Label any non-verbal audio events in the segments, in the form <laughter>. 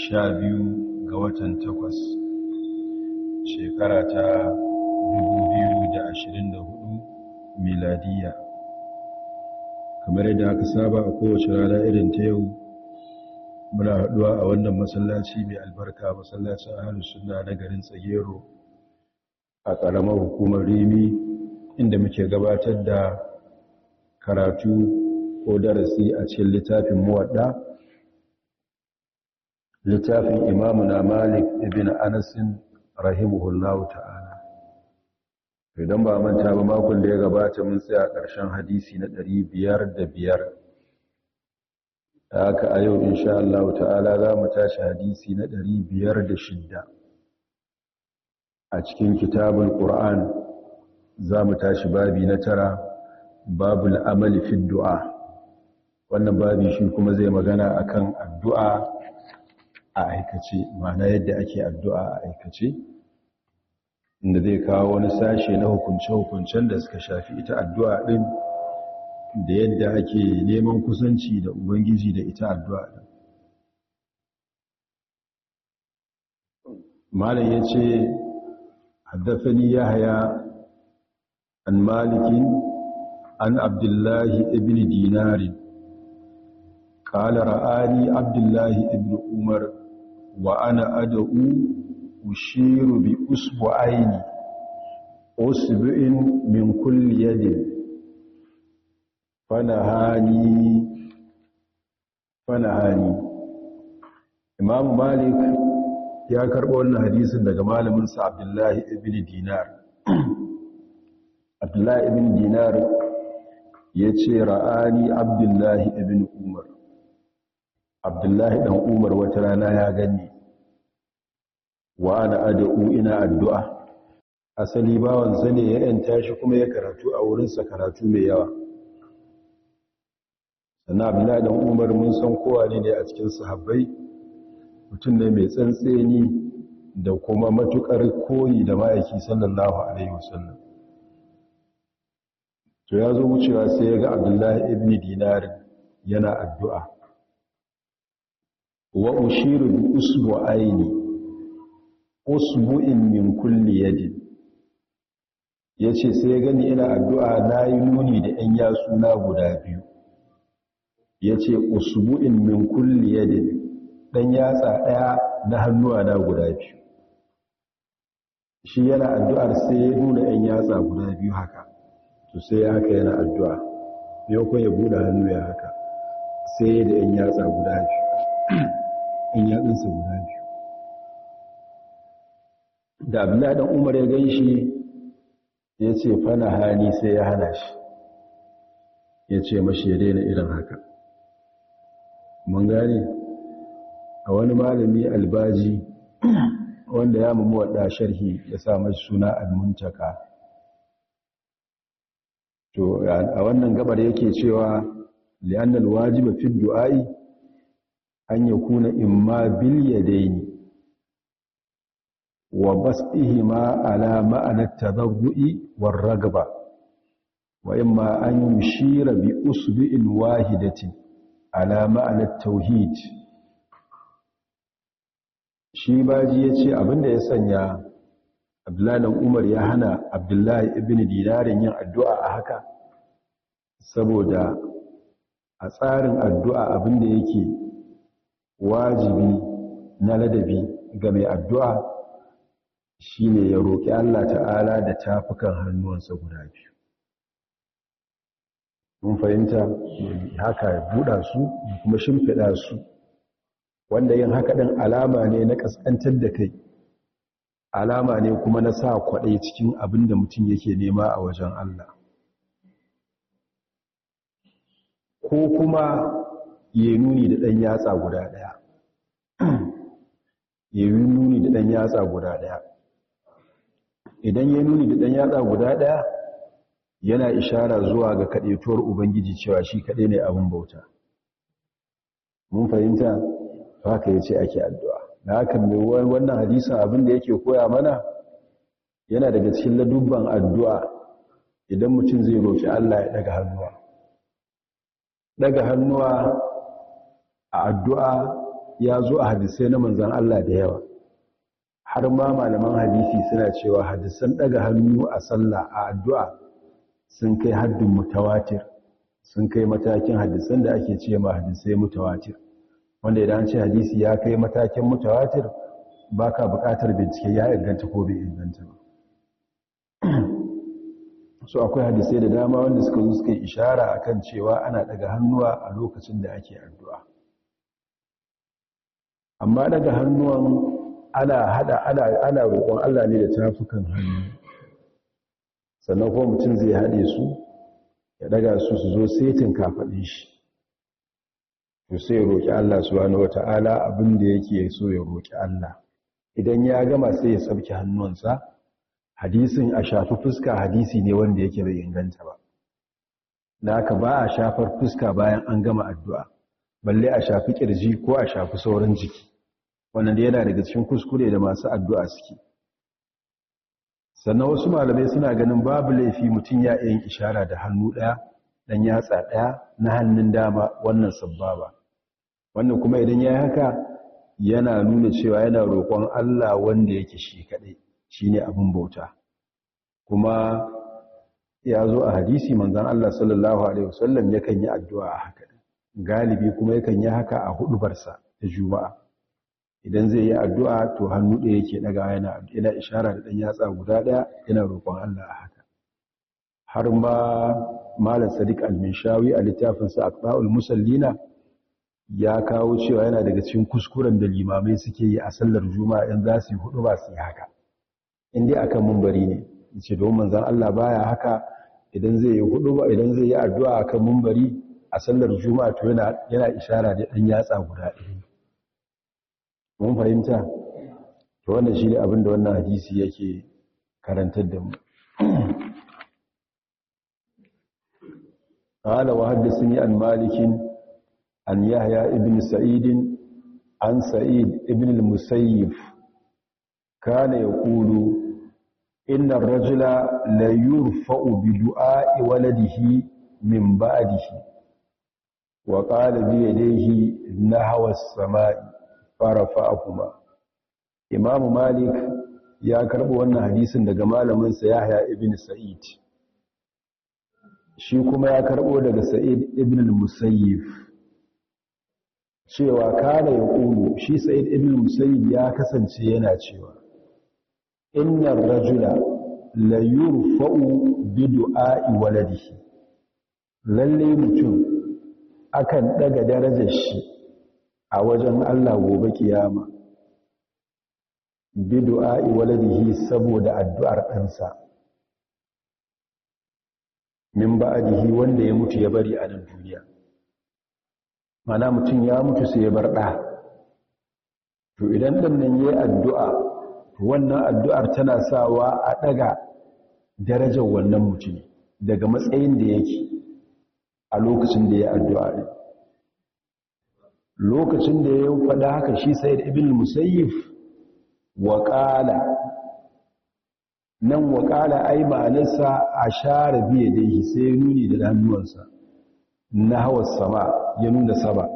sha biyu ga watan takwas shekara ta 2024 miladiya kamar yadda aka saba a kowace rana irin ta yau muna haɗuwa a wannan masallaci mai albarka masallacin ahalus suna na garin tsagero a ƙaramar hukumar rimi inda muke gabatar da karatu ko darasi a cikin littafin muwadda littafin na malik ibn anasin rahimahullahu ta'ala idan ba manta ba makon da ya gabata mun tsaya ƙarshen hadisi na 505 Da haka a yau insha Allah ta'ala za mu tashi hadisi na 506 a cikin kitabul qur'an za mu tashi babi na tara babul amali fi du'a wannan babi shi kuma zai magana akan addu'a a aikace ma'ana yadda ake addu'a a aikace inda zai kawo wani sashe na hukunce-hukuncen da suka shafi ita addu'a ɗin da yadda ake neman kusanci da ubangiji da ita addu'a ɗin malam ya ce haddafani ya haya an malikin an abdullahi ibn dinari قال رآني عبد الله Umar. wa ana ad'u ushiru bi usbu'aini usbu'in min kulli yadin fanahani fanahani imam malik ya karbo wannan hadisin daga malamin sa abdullahi ibn dinar abdullahi ibn dinar yace ra'ani abdullahi ibn umar abdullahi dan umar wata rana ya gani wa ana ad'u ina addu'a asali bawan zane ya yanta shi kuma ya karatu a wurin sa karatu mai yawa sannan abdullahi dan umar mun san kowa ne a cikin sahabbai mutum ne mai tsantseni da kuma matukar koyi da ma'aiki sallallahu alaihi wasallam to ya zo wucewa sai ya ga abdullahi ibn dinar yana addu'a wa ushiru bi usbu'aini usbu'in min kulli yadin yace sai gani ina addu'a nayi nuni da ɗan na guda biyu yace usbu'in min kulli yadin ɗan yatsa ɗaya na hannuwa na guda biyu shi yana addu'ar sai ya nuna ɗan yatsa guda biyu haka to sai haka yana addu'a yau ya buɗe hannu ya haka sai da ɗan yatsa guda biyu in yadinsa guda biyu da abdullahi dan umar ya gan shi ya ce fana hani sai ya hana shi ya ce mashi ya daina irin haka mun gane a wani malami albaji <clears throat> wanda ya mu wadda sharhi ya sa mashi suna almuntaka to a wannan gabar yake cewa li'anna wajiba fi du'ai an in imma bil daini. wa basihima ala ma'ana tadarrui war ragba wa ma an yushira bi usbi'in wahidatin ala ma'ana tauhid shi baji yace abinda ya sanya Abdullahi Umar ya hana Abdullahi ibn Dinarin yin addu'a a haka saboda a tsarin addu'a abinda yake wajibi na ladabi ga mai addu'a shi ne ya roƙi Allah ta'ala da tafukan hannuwansa guda biyu mun fahimta haka ya buɗa su kuma shimfiɗa su wanda yin haka ɗin alama ne na ƙasƙantar da kai alama ne kuma na sa kwaɗai cikin abin da mutum yake nema a wajen Allah ko kuma ya nuni da ɗan yatsa guda ɗaya <coughs> yi nuni da ɗan yatsa guda ɗaya idan ya nuni da ɗan yatsa guda ɗaya yana ishara zuwa ga kaɗaituwar ubangiji cewa shi kaɗai ne abin bauta mun fahimta haka ya ce ake addu'a da haka mai wannan hadisan abin da yake koya mana yana daga cikin ladubban addu'a idan mutum zai roƙi Allah ya ɗaga hannuwa ɗaga hannuwa a addu'a ya zo a hadisai na manzan Allah da yawa har ma malaman hadisi suna cewa hadisan ɗaga hannu a sallah a addu'a sun kai haddin mutawatir sun kai matakin hadisan da ake ce ma hadisai mutawatir wanda idan ce hadisi ya kai matakin mutawatir ka buƙatar bincike ya inganta ko bai inganta ba <clears throat> so akwai hadisai da dama wanda suka zo suka yi ishara akan cewa ana daga hannuwa a lokacin da ake addu'a amma daga hannuwan ana hada ana ana roƙon Allah ne da tafukan hannu sannan kuma mutum zai haɗe su ya daga su su zo setin kafadin shi to sai ya roƙi Allah subhanahu wata'ala abin da yake so ya roƙi Allah idan ya gama sai ya sabke hannuwansa hadisin a shafi fuska hadisi ne wanda yake bai inganta ba da ba a shafar fuska bayan an gama addu'a balle a shafi kirji ko a shafi sauran jiki wannan da yana daga cikin kuskure da masu addu'a suke sannan wasu malamai suna ganin babu laifi mutum ya yin ishara da hannu ɗaya ɗan yatsa ɗaya na hannun dama wannan sabbaba wannan kuma idan ya haka yana nuna cewa yana roƙon Allah wanda yake shi kaɗai shi ne abin bauta kuma ya zo a hadisi manzan Allah sallallahu Alaihi wasallam yakan yi addu'a a haka galibi kuma yakan yi haka a huɗubarsa ta juma'a idan zai yi addu'a to hannu ɗaya yake ɗaga yana yana ishara da ɗan yatsa guda ɗaya yana roƙon Allah a haka har ma malam sadiq al-minshawi a littafin sa aqba'ul musallina ya kawo cewa yana daga cikin kuskuren da limamai suke yi a sallar juma'a in za su yi hudu ba su yi haka in dai akan mumbari ne yace don manzon Allah baya haka idan zai yi hudu ba idan zai yi addu'a akan mumbari a sallar juma'a to yana yana ishara da ɗan yatsa guda ɗaya mun fahimta to wannan shi ne abin da wannan hadisi yake karantar da mu ƙala wa haddisini an malikin an yahya ibn sa'idin an sa'id ibn musayyif kana ya kulu inna rajula la yurfa'u bi du'a'i waladihi min ba'dihi wa qala bi yadayhi nahwa as-sama'i farafa'ahuma imamu malik ya karɓi wannan hadisin daga malaminsa yahya ibn sa'id shi kuma ya karɓo daga sa'id ibn musayyif cewa kada ya ƙulu shi sa'id ibn musayyif ya kasance yana cewa inna rajula la yurfa'u bi du'a'i waladihi lalle mutum akan daga darajar shi a wajen Allah gobe kiyama bi du'a'i waladihi saboda addu'ar ɗansa min ba'dihi wanda ya mutu ya bari a duniya mana mutum ya mutu sai ya bar ɗa to idan ɗan nan yayi addu'a wannan addu'ar tana sawa a ɗaga darajar wannan mutum daga matsayin da yake a lokacin da ya addu'a lokacin da ya faɗa haka shi sai da ibn musayyif waƙala nan waƙala ai ma'anarsa a share biya da dai sai ya nuni da hannuwansa na hawar sama ya nuna saba.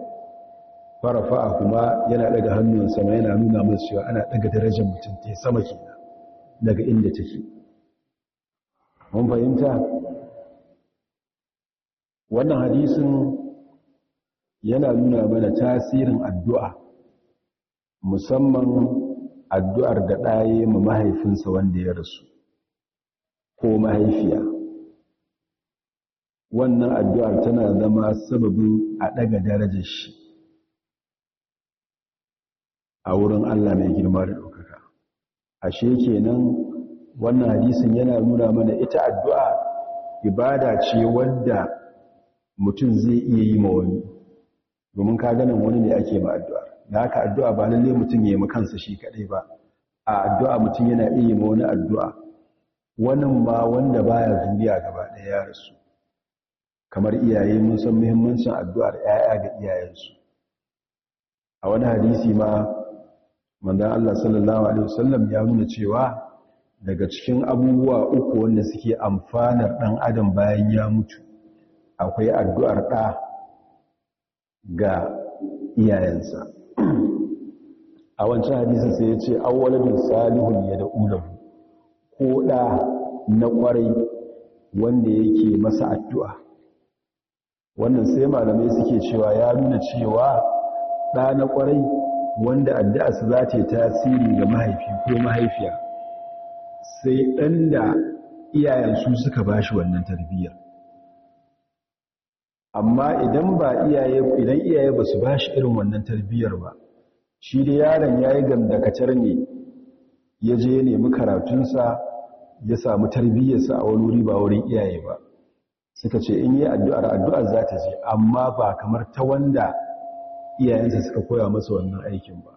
farafa kuma yana daga hannun sama yana nuna masu cewa ana daga darajar mutum ta sama kenan daga inda take mun fahimta wannan hadisin yana nuna mana tasirin addu'a musamman addu'ar da ɗaye ma mahaifinsa wanda ya rasu ko mahaifiya wannan addu'ar tana zama sababin a ɗaga darajar shi a wurin Allah mai girma da ɗaukaka ashe kenan wannan hadisin yana nuna mana ita addu'a ibada ce wadda mutum zai iya yi ma wani domin ka ganin wani ne ake ma addu'a da haka addu'a ba lalle mutum ya yi kansa shi kaɗai ba a addu'a mutum yana iya ma wani addu'a wannan ma wanda baya zuriya gaba ɗaya ya rasu kamar iyaye mun san muhimmancin addu'ar ‘ya'ya ga iyayensu a wani hadisi ma manzan Allah sallallahu Alaihi wasallam ya nuna cewa daga cikin abubuwa uku wanda suke amfanar ɗan adam bayan ya mutu akwai addu'ar ɗa ga iyayensa a wancan hadisin sai ya ce awwaladun salihun ya da ulahu ko da na kwarai wanda yake masa addu'a wannan sai malamai suke cewa ya nuna cewa ɗa na kwarai wanda su za ta yi tasiri ga mahaifi ko mahaifiya sai ɗan da iyayensu su suka bashi wannan tarbiyyar amma idan ba iyaye idan iyaye ba su bashi irin wannan tarbiyyar ba shi da yaron yayi gandakacar ne ya je ya nemi karatunsa ya samu tarbiyyarsa a wani wuri ba wurin iyaye ba suka ce in yi addu'ar addu'ar za ta je amma ba kamar ta wanda iyayensa suka koya masa wannan aikin ba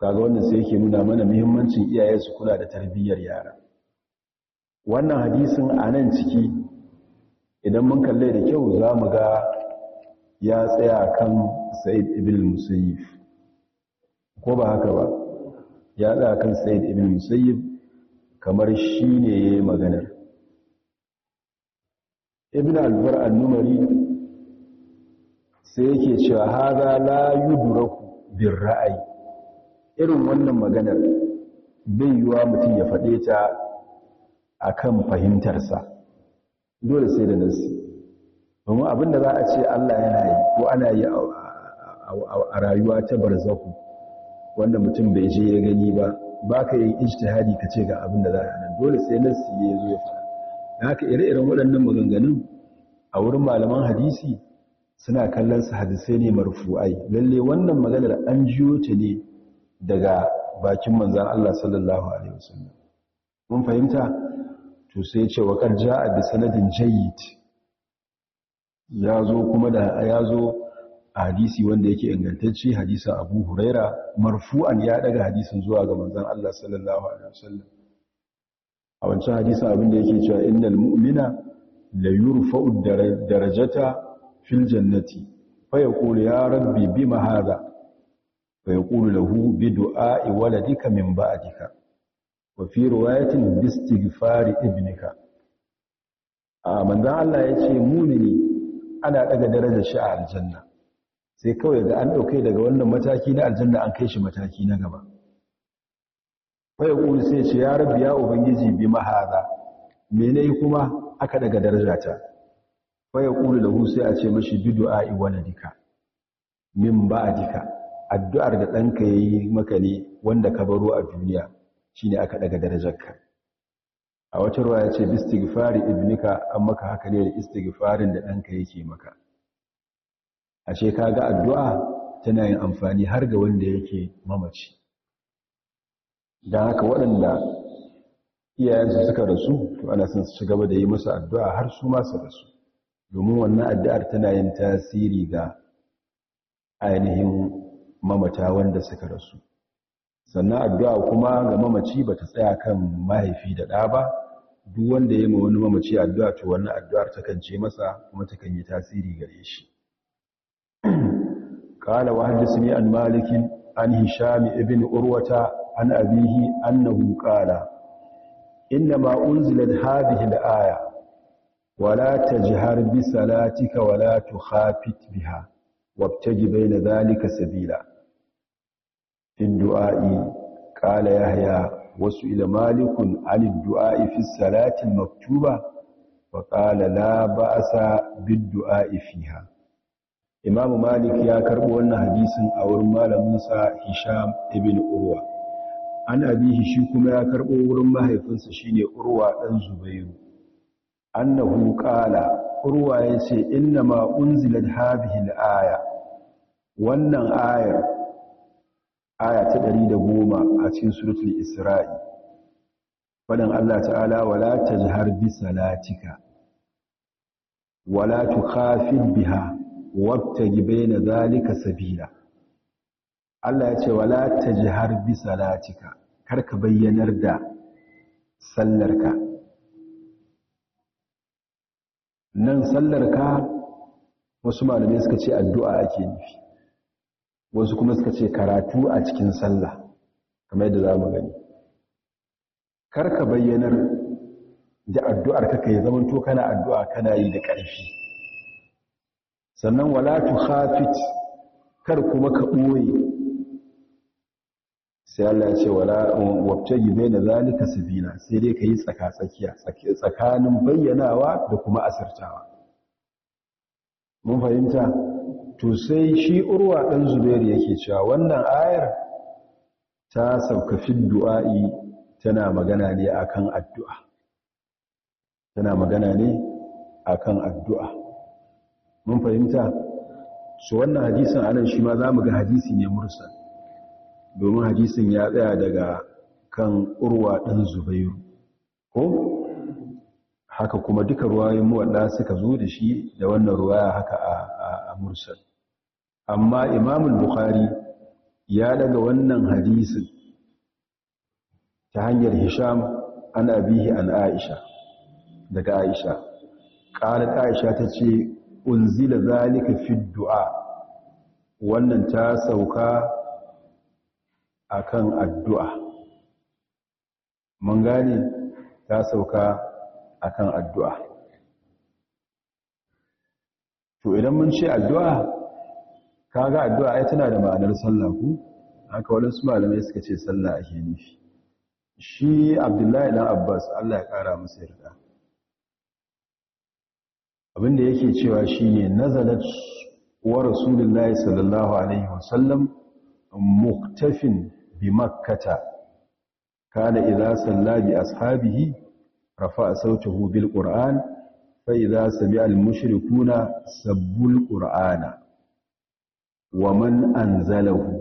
kaga wannan sai yake nuna mana muhimmancin iyaye su kula da tarbiyyar yara wannan hadisin a nan ciki idan mun kalle da kyau za mu ga ya tsaya kan sa'id ibn musayyib ko ba haka ba ya tsaya kan sa'id ibn musayyib kamar shi ne ya yi maganar ibn albar al-numari sai yake cewa haza la yuduraku bin ra'ayi irin wannan maganar bai yiwa mutum ya faɗe ta a kan fahimtarsa dole sai da nasi domin abin da za a ce Allah yana yi ko ana yi a rayuwa ta barzaku wanda mutum bai je ya gani ba ba ka yin ijtihadi ka ce ga abin da za a nan dole sai nasi ya zo ya fara da haka ire-iren waɗannan maganganun a wurin malaman hadisi suna kallon su hadisai ne marfu'ai lalle wannan maganar an jiyo ta ne daga bakin manzan Allah sallallahu alaihi wasallam mun fahimta to sai ce wa qad jaa bi sanadin jayyid yazo kuma da yazo hadisi wanda yake ingantacce hadisin Abu Huraira marfu'an ya daga hadisin zuwa ga manzon Allah sallallahu alaihi wasallam a wancan hadisin abin da yake cewa innal mu'mina la yurfa'u darajata fil jannati fa yaqulu ya rabbi bima hadha fa yaqulu lahu bi du'a'i waladika min ba'dika wa fi ibinika. A'a, ibnika a manzon Allah ya ce mumini ana daga daraja shi a aljanna sai kawai da an dauke daga wannan mataki na aljanna an kai shi mataki na gaba fa yaqulu sai ce ya rabbi ya ubangiji bi mahaza mene kuma aka daga ta fa yaqulu lahu sai a ce mashi bi du'a waladika min ba'dika addu'ar da ɗanka ya yi maka ne wanda ka baro a duniya ne aka daga ka? a wata ruwa ya ce bistighfari ibnika an maka haka ne da istighfarin da ɗanka yake maka ashe ga addu'a tana yin amfani har ga wanda yake mamaci don haka waɗanda iyayensu suka rasu to ana sun su gaba da yi musu addu'a har su masu rasu domin wannan addu'ar tana yin tasiri ga ainihin mamata wanda suka rasu sannan addu’a kuma ga mamaci ba ta tsaya kan mahaifi da ɗa ba duk wanda ya wani mamaci addu’a to wannan addu’ar ta kance masa kuma ta kan yi tasiri gare shi ƙala wa haddasa an malikin an hishami ibn urwata an abihi an na inna ma unzilar habihi da aya wala ta jihar bi salatika wala tu biha wabtaji bai na zalika sabila fi du'a'i qala yahya wasu ila malikun ali du'a'i fi salati maktuba Baƙala qala la ba'sa bid du'a'i fiha imam malik ya karbo wannan hadisin a wurin malamin hisham ibn urwa an abihi shi kuma ya karbo wurin mahaifinsa shine urwa ɗan zubairu annahu qala urwa yace inna ma unzilat hadhihi al-aya wannan ayar aya ta da goma a cikin suratul isra'i fadan Allah ta'ala wala tajhar bi salatika wala tukhafid biha wabtaji baina zalika sabila Allah ya ce wala tajhar bi salatika ka bayyanar da sallarka nan sallarka wasu malamai suka ce addu'a ake nufi wasu kuma suka ce karatu a cikin sallah kamar yadda za mu gani karka bayyanar da addu'ar ka kai zaman to kana addu'a kana yi da ƙarfi sannan wala tu kar kuma ka ɓoye sai Allah ya ce wala wabtaji baina zalika sabila sai dai kai tsaka tsakiya tsakanin bayyanawa da kuma asirtawa mun fahimta to sai shi urwa ɗan zubairu yake cewa wannan ayar ta fi du'a'i tana magana ne akan addu'a tana magana ne akan addu'a mun fahimta su wannan hadisin anan shi ma za mu ga hadisi ne mursa? domin hadisin ya tsaya daga kan urwa ɗan zubairu ko haka kuma duka ruwayoyin muwadda suka zo da shi da wannan ruwaya haka a mursal amma imamul bukhari ya daga wannan hadisin ta hanyar hisham an abihi an aisha daga aisha qalat aisha tace unzila zalika fi du'a wannan ta sauka akan addu'a mun gane ta sauka akan addu'a to idan mun ce addu'a kaga addu'a ya tana da ma'anar sallah ku haka wadansu malamai suka ce sallah ake nufi shi abdullahi dan abbas allah ya kara masa yarda abinda yake cewa shine nazalat wa rasulullahi sallallahu alaihi wasallam muktafin bi makkata kana idza salla bi ashabihi rafa'a sautahu bil qur'an fai za su bi al-mushrikuna sabbul qur'ana wa man anzalahu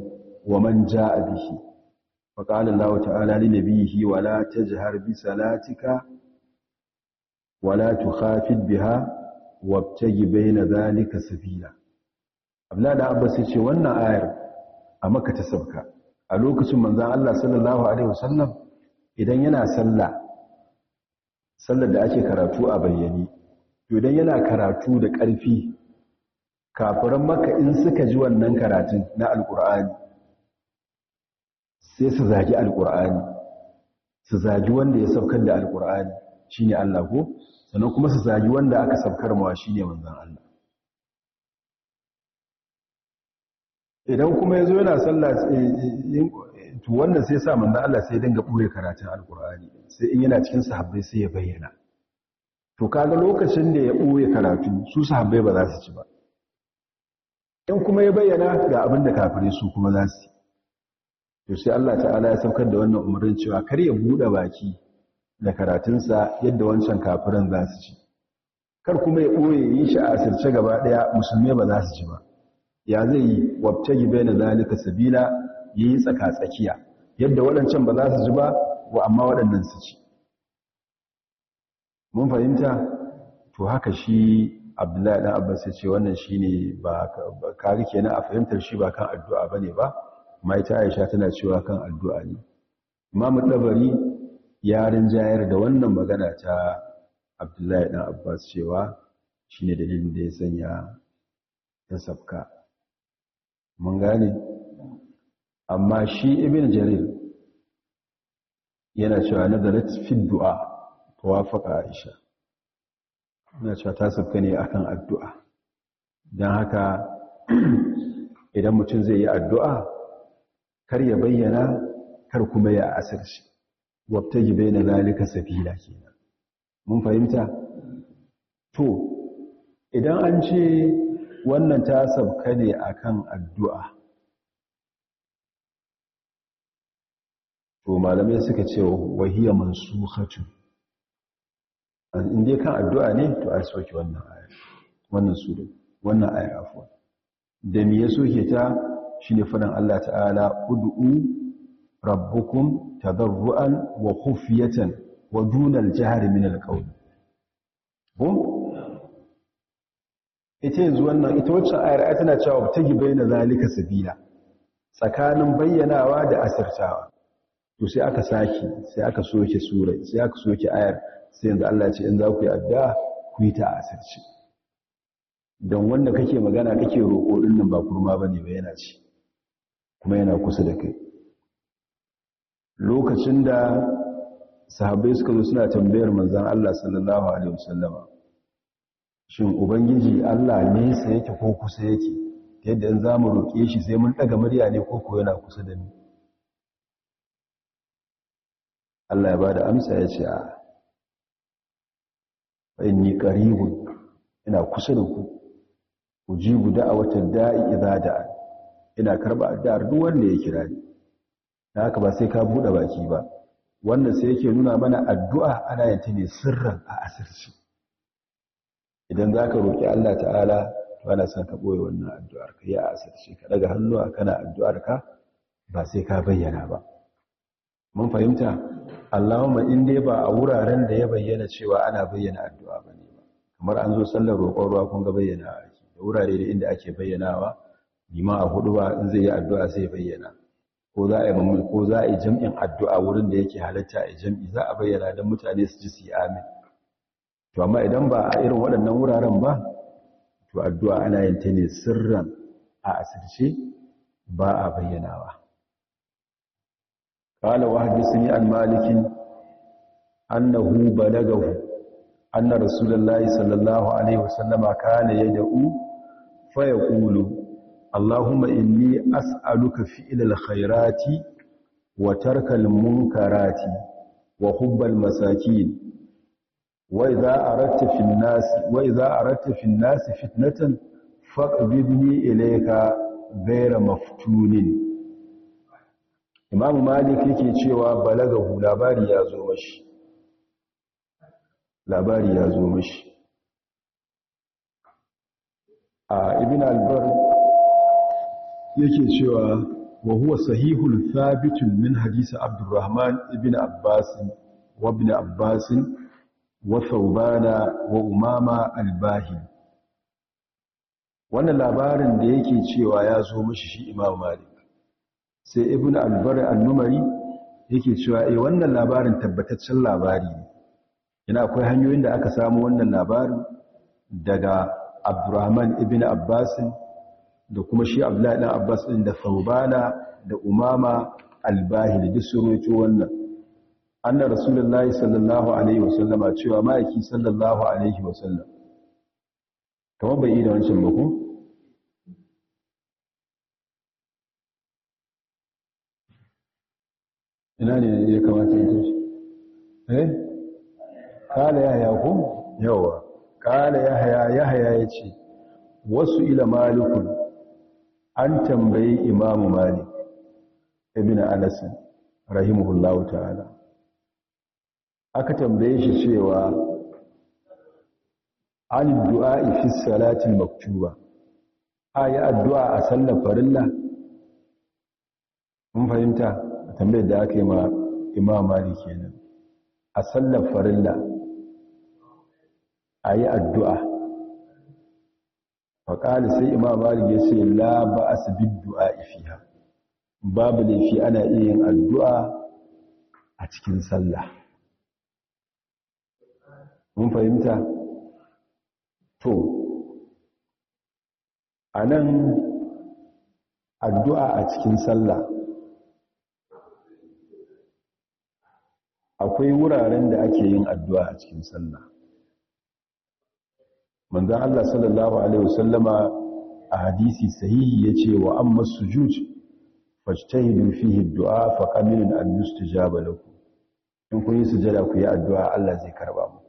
wa man jaa bihi fa qala Allah ta'ala li nabiyhi wa la tajhar bi salatika wa la tukhafid biha wabtagi baina zalika sabila Abdullahi da Abbas yace wannan ayar a Makka ta sabka a lokacin manzon Allah sallallahu alaihi wasallam idan yana sallah sallar da ake karatu a bayyane yodan idan yana karatu da ƙarfi kafiran maka in suka ji wannan karatun na alƙur'ani sai su zagi alƙur'ani su zagi wanda ya saukar da alƙur'ani shine Allah ko sannan kuma su zagi wanda aka saukar mawa shine manzon Allah idan kuma yazo yana sallah eh, eh, eh, to wannan sai sa manzon Allah sai dinga ɓoye karatun alƙur'ani sai in yana cikin sahabbai sai ya bayyana to kaga lokacin da ya ɓoye karatu su sahabbai ba za su ci ba in kuma ya bayyana ga abin da kafirai su kuma za su to sai Allah ta'ala ya saukar da wannan umarin cewa kar ya buɗe baki da karatunsa yadda wancan kafirin za su ci kar kuma ya ɓoye yi shi a asirce gaba ɗaya musulmi ba za su ci ba ya zai yi wabce gibe na zalika sabila ya yi tsaka-tsakiya yadda waɗancan ba za su ji ba wa amma waɗannan su ci mun fahimta to haka shi abdullahi ɗan abbas ya ce wannan shi ne ba kari kenan a fahimtar shi ba kan addu'a ba ne ba mai ta aisha tana cewa kan addu'a ne imamu ɗabari ya rinjayar da wannan magana ta abdullahi ɗan abbas cewa shi ne dalilin da ya sanya ta sabka mun gane amma shi ibn jarir yana cewa nazarat fi du'a wafaka aisha ina cewa ta sabka ne akan addu'a don haka <clears throat> idan mutum zai yi addu'a kar ya bayyana kar kuma ya asirci wata bai na zalika Safila kenan mun fahimta to idan an ce wannan ta sabka ne akan addu'a to malamai suka ce wahiyar mansu hatu in dai kan addu'a ne to a soke wannan ayar. wannan sura wannan ayar da me ya soke ta shine fadan Allah ta'ala ud'u rabbukum tadarruan wa khufyatan wa duna al-jahri min al ita yanzu wannan ita waccan ayar tana cewa ta bayyana zalika sabila tsakanin bayyanawa da asirtawa to sai aka sake, sai aka soke sura sai aka soke ayar sai yanzu Allah ce in za ku yi addu'a ku yi ta asirci don wanda kake magana kake roƙo din nan ba kurma bane ba yana ci kuma yana kusa da kai lokacin da sahabbai suka zo suna tambayar manzon Allah sallallahu alaihi wasallama shin ubangiji Allah nesa yake ko kusa yake yadda in za mu roƙe shi sai mun ɗaga murya ne ko ko yana kusa da ni Allah ya ba da amsa ya ce a inni qaribun ina kusa da ku ujibu da'awatad da'i idza da'a ina karba addu'ar duk wanda ya kira ni haka ba sai ka bude baki ba wanda sai yake nuna mana addu'a ana yin ta ne sirran a asirci idan zaka roki Allah ta'ala to ana son ka boye wannan addu'ar ka ya asirci ka daga hannu kana addu'ar ka ba sai ka bayyana ba mun fahimta allahumma in dai ba a wuraren da ya bayyana cewa ana bayyana addu'a ba ne kamar an zo sallar roƙon ruwa kun ga bayyana ake da wurare da inda ake bayyanawa liman a hudu ba in zai yi addu'a sai bayyana ko za a yi ko za a yi jam'in addu'a wurin da yake halatta a jam'i za a bayyana don mutane su ji su yi amin to amma idan ba a irin waɗannan wuraren ba to addu'a ana yin ta ne sirran a asirce ba a bayyanawa قال وحدثني عن مالك أنه بلغه أن رسول الله صلى الله عليه وسلم كان يدعو فيقول اللهم إني أسألك فعل الخيرات وترك المنكرات وحب المساكين وإذا أردت في الناس وإذا أردت في الناس فتنة فاقبضني إليك غير مفتون Imam malik yake cewa balagahu labari ya zo mashi labari ya zo mashi a ibn albar yake cewa wa huwa sahihul thabitun min hadisi abdurrahman ibn abbas wa ibn abbas wa thawbana wa umama albahi wannan labarin da yake cewa ya zo mashi shi imamu malik sai ibn al-numari yake cewa eh wannan labarin tabbataccen labari ne Ina akwai hanyoyin da aka samu wannan labarin daga abdurrahman ibn abbas da kuma shi abdullahi dan abbas din da faubala da umama al-bahili duk sun roƙi wannan annar rasulullahi sallallahu alaihi wasallama cewa ma'aiki sallallahu alaihi wasallam kamar bai yi da wancan ba ko ina ne ya kamata ya tashi eh kala ku yawa kala yahya ya ce. wasu ila malikun an tambayi imamu malik ibn anas rahimahullahu ta'ala aka tambaye shi cewa an du'a fi salati maktuba ayi addu'a a sallar farilla mun fahimta tambayar da aka yi ma imam malik kenan a sallar farilla a yi addu'a faƙali sai imam malik ya ce la ba a du'a ifiya babu laifi ana iya yin addu'a a cikin sallah mun fahimta to a nan addu'a a cikin sallah akwai wuraren da ake yin addu'a a cikin sallah manzan Allah sallallahu Alaihi wasallama a hadisi sahihi ya ce wa an masu juj fihi du'a fa kamilun an yustijaba lakum in kun yi sujada ku yi addu'a Allah zai karba mu.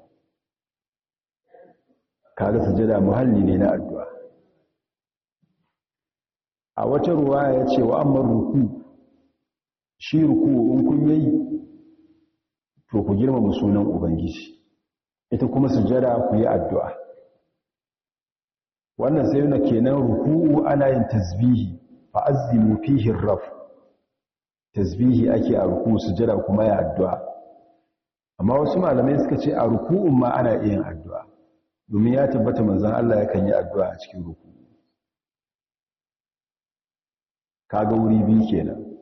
Kada sujada muhalli ne na addu'a a wata ruwaya ya ce wa amma ruku shi ruku in kun yi to ku girmama sunan ubangiji ita kuma sujada ku yi addu'a wannan sai na kenan ruku'u ana yin tasbihi fa azimu fihi raf tasbihi ake a ruku'u sujada kuma ya addu'a amma wasu malamai suka ce a ruku'u ma ana iya yin addu'a domin ya tabbata manzon Allah yakan yi addu'a a cikin ruku'u kaga wuri biyu kenan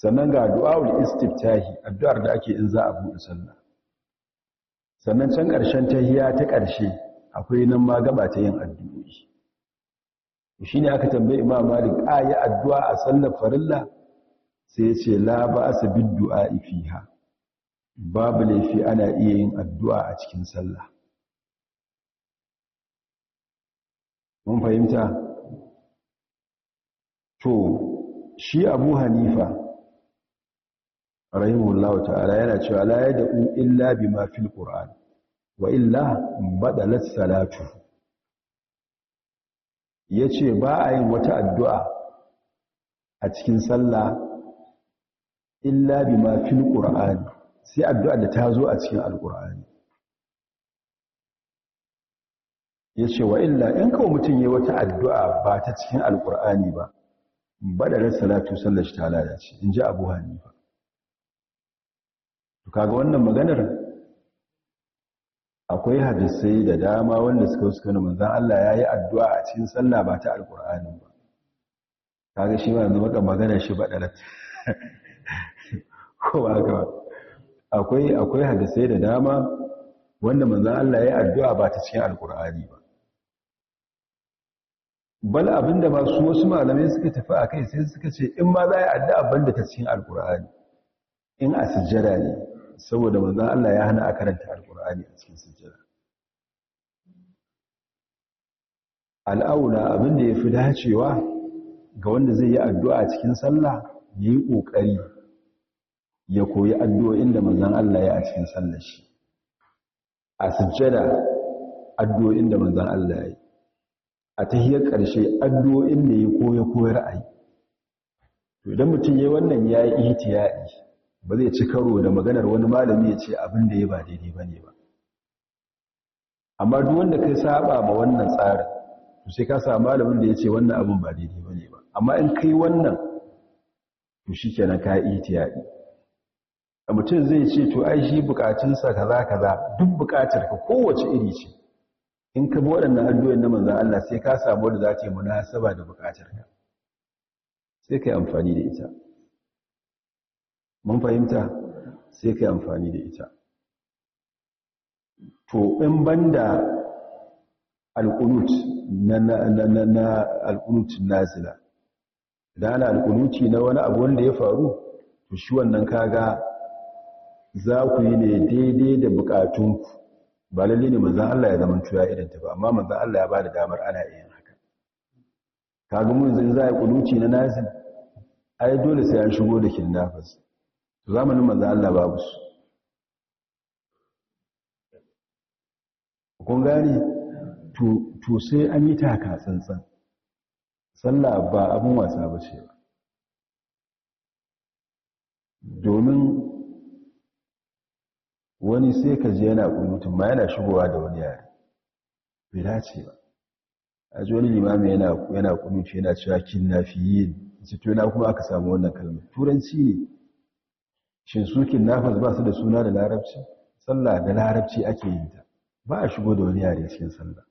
sannan ga du'a'ul istiftahi addu'ar da ake in za a buɗe sallah sannan can ƙarshen tahiya ta ƙarshe akwai nan ma gaba ta yin addu'o'i shine aka tambaye imam malik yi addu'a a sallar farilla sai ya ce la ba'sa bid du'a fiha babu laifi ana iya yin addu'a a cikin sallah mun fahimta to shi abu hanifa rahimahullahu ta'ala yana cewa la yad'u illa bima fil qur'an wa illa badalat salatu yace ba a yin wata addu'a a cikin sallah illa bima fil qur'an sai addu'a da ta zo a cikin alqur'ani yace wa illa in kawo mutun yi wata addu'a ba ta cikin alqur'ani ba badalat salatu sallallahu ta'ala yace inji abu hanifa kaga wannan maganar akwai hadisai da dama wanda suka suka nuna manzon Allah yayi addu'a a cikin sallah ba ta alqur'ani ba kaga shi ba yanzu maka magana shi dalat <laughs> ko ba haka akwai akwai hadisai da dama wanda manzon Allah yayi addu'a ba ta cikin alqur'ani ba bal abinda ba su wasu malamai suka tafi akai sai suka ce in ma za a yi addu'a banda ta cikin alqur'ani in a sujjada ne saboda manzo Allah ya hana a karanta alkur'ani a cikin sujjada al'aula abin da ya fi dacewa ga wanda zai yi addu'a cikin sallah yayi yi ya koyi addu'o'in da manzo Allah ya a cikin sallah shi a sujjada addu'o'in da manzo Allah ya a tahiyar ƙarshe addu'o'in da ya koya koyar a to idan mutum yayi wannan yayi yi ba zai ci karo da maganar wani malami ya ce abin da ya ba daidai ba ne ba amma duk wanda kai saba ma wannan tsarin to sai ka samu malamin da ya ce wannan abin ba daidai ba ne ba amma in kai wannan to shi kenan ka yi tiyaɗi a mutum zai ce to ai shi bukatunsa kaza kaza duk bukatar ka kowace iri ce in ka bi waɗannan addu'o'in na manzon Allah sai ka samu wanda za ta yi munasaba da bukatar ka sai ka yi amfani da ita mun fahimta sai kai amfani da ita to in banda alqunut na na na na alqunut nazila da ana alqunuti na wani abu wanda ya faru to shi wannan kaga za ku yi ne daidai da bukatun ku. ba lalle ne manzan Allah ya zama tuya idan ta ba amma manzan Allah ya ba da damar ana yi yin haka kaga mun zai za a na nazil ai dole sai an shigo da kinnafas zamanin manzo Allah babu su kun gane to sai an yi taka tsantsan sallah ba abin wasa ba ce domin wani sai ka je yana kunutun ma yana shigowa da wani yare bai dace ba a ji wani limami yana kunutu yana cewa kin na fiye to na kuma aka samu wannan kalmar turanci ne shin su Nafas ba su da suna da larabci sallah da larabci ake yin ta ba a shigo da wani yare cikin sallah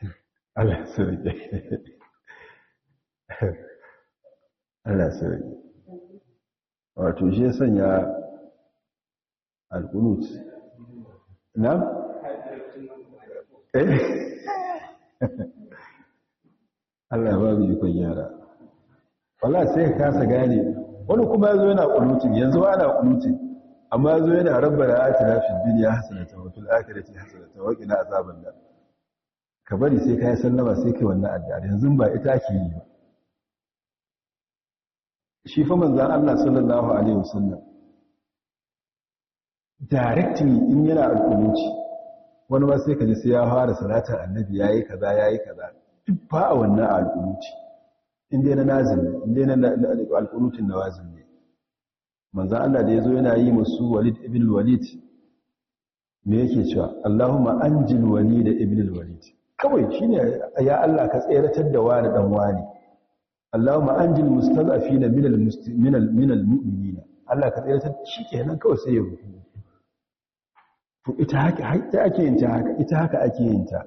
<laughs> Allah sarki <laughs> Allah sarki wato shi sanya alqunut na eh <laughs> Allah ba mu yi kun yara wala sai ka sa gane wani kuma ya zo yana kunuti yanzu ana kunuti amma ya zo yana rabbana atina fid dunya hasanatan wa fil hasana ta wa na azaban da ka bari sai kai sallama sai kai wannan adda, yanzu ba ita ake yi ba shi fa manzan Allah sallallahu alaihi wasallam directly in yana alkunuci wani ba sai ka ji sai ya fara salatin annabi yayi kaza yayi kaza duk ba a wannan alkunuci inda na nazin inda na alƙunutun na wazin ne manzan Allah da ya zo yana yi musu walid ibn walid me yake cewa Allahumma wani da ibn walid kawai shi ne ya Allah ka tseratar da wani dan wani Allahumma anjil mustazafina min al min al min al mu'minina Allah ka tseratar nan kawai sai ya rubu to ita haka ita ake yin ta haka ita haka ake yin ta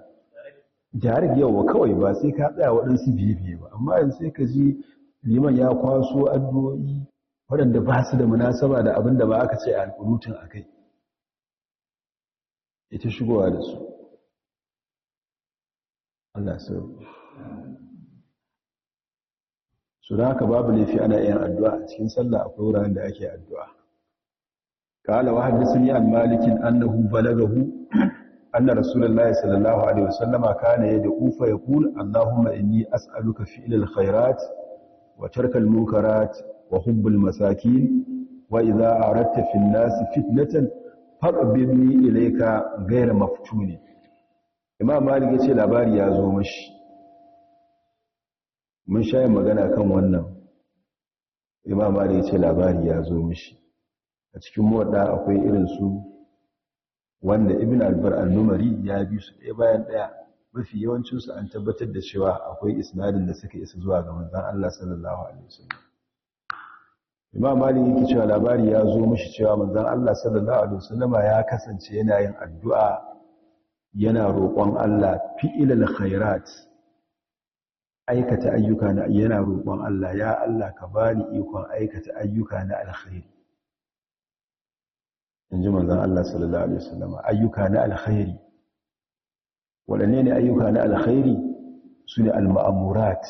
yau yawa kawai ba sai ka tsaya waɗansu biye-biye ba amma yanzu sai ka ji liman ya kwaso addu'o'i waɗanda ba su da munasaba da abin da ba aka ce a a kai ita shigowa da su Allah sau su da haka babu laifi ana yin addu'a a cikin sallah akwai wuraren da ake addu'a قال ni عن malikin annahu balagahu. anna rasulullahi sallallahu alaihi wasallama kana yadda ufa ya kul allahumma inni as'aluka fi'lal khairat wa tarkal munkarat wa hubbul masakin wa idza aradta fil nas fitnatan faqbidni ilayka ghayra maftuni imam malik yace labari ya zo mashi mun shayin magana kan wannan imam malik yace labari ya zo mashi a cikin muwadda akwai irin su wanda ibn albar al-numari ya bi su ɗaya bayan ɗaya mafi yawancinsu an tabbatar da cewa akwai isnadin da suka isa zuwa ga manzan Allah sallallahu alaihi wasallam imam malik yake cewa labari ya zo mishi cewa manzan Allah sallallahu alaihi wasallam ya kasance yana yin addu'a yana roƙon Allah fi'ilal khairat aikata ayyuka na yana roƙon Allah ya Allah ka bani ikon aikata ayyuka na alkhairi in ji manzan Allah sallallahu Alaihi wasallama ayyuka na alkhairi waɗanne ne ayyuka na alkhairi su ne al-ma'amurat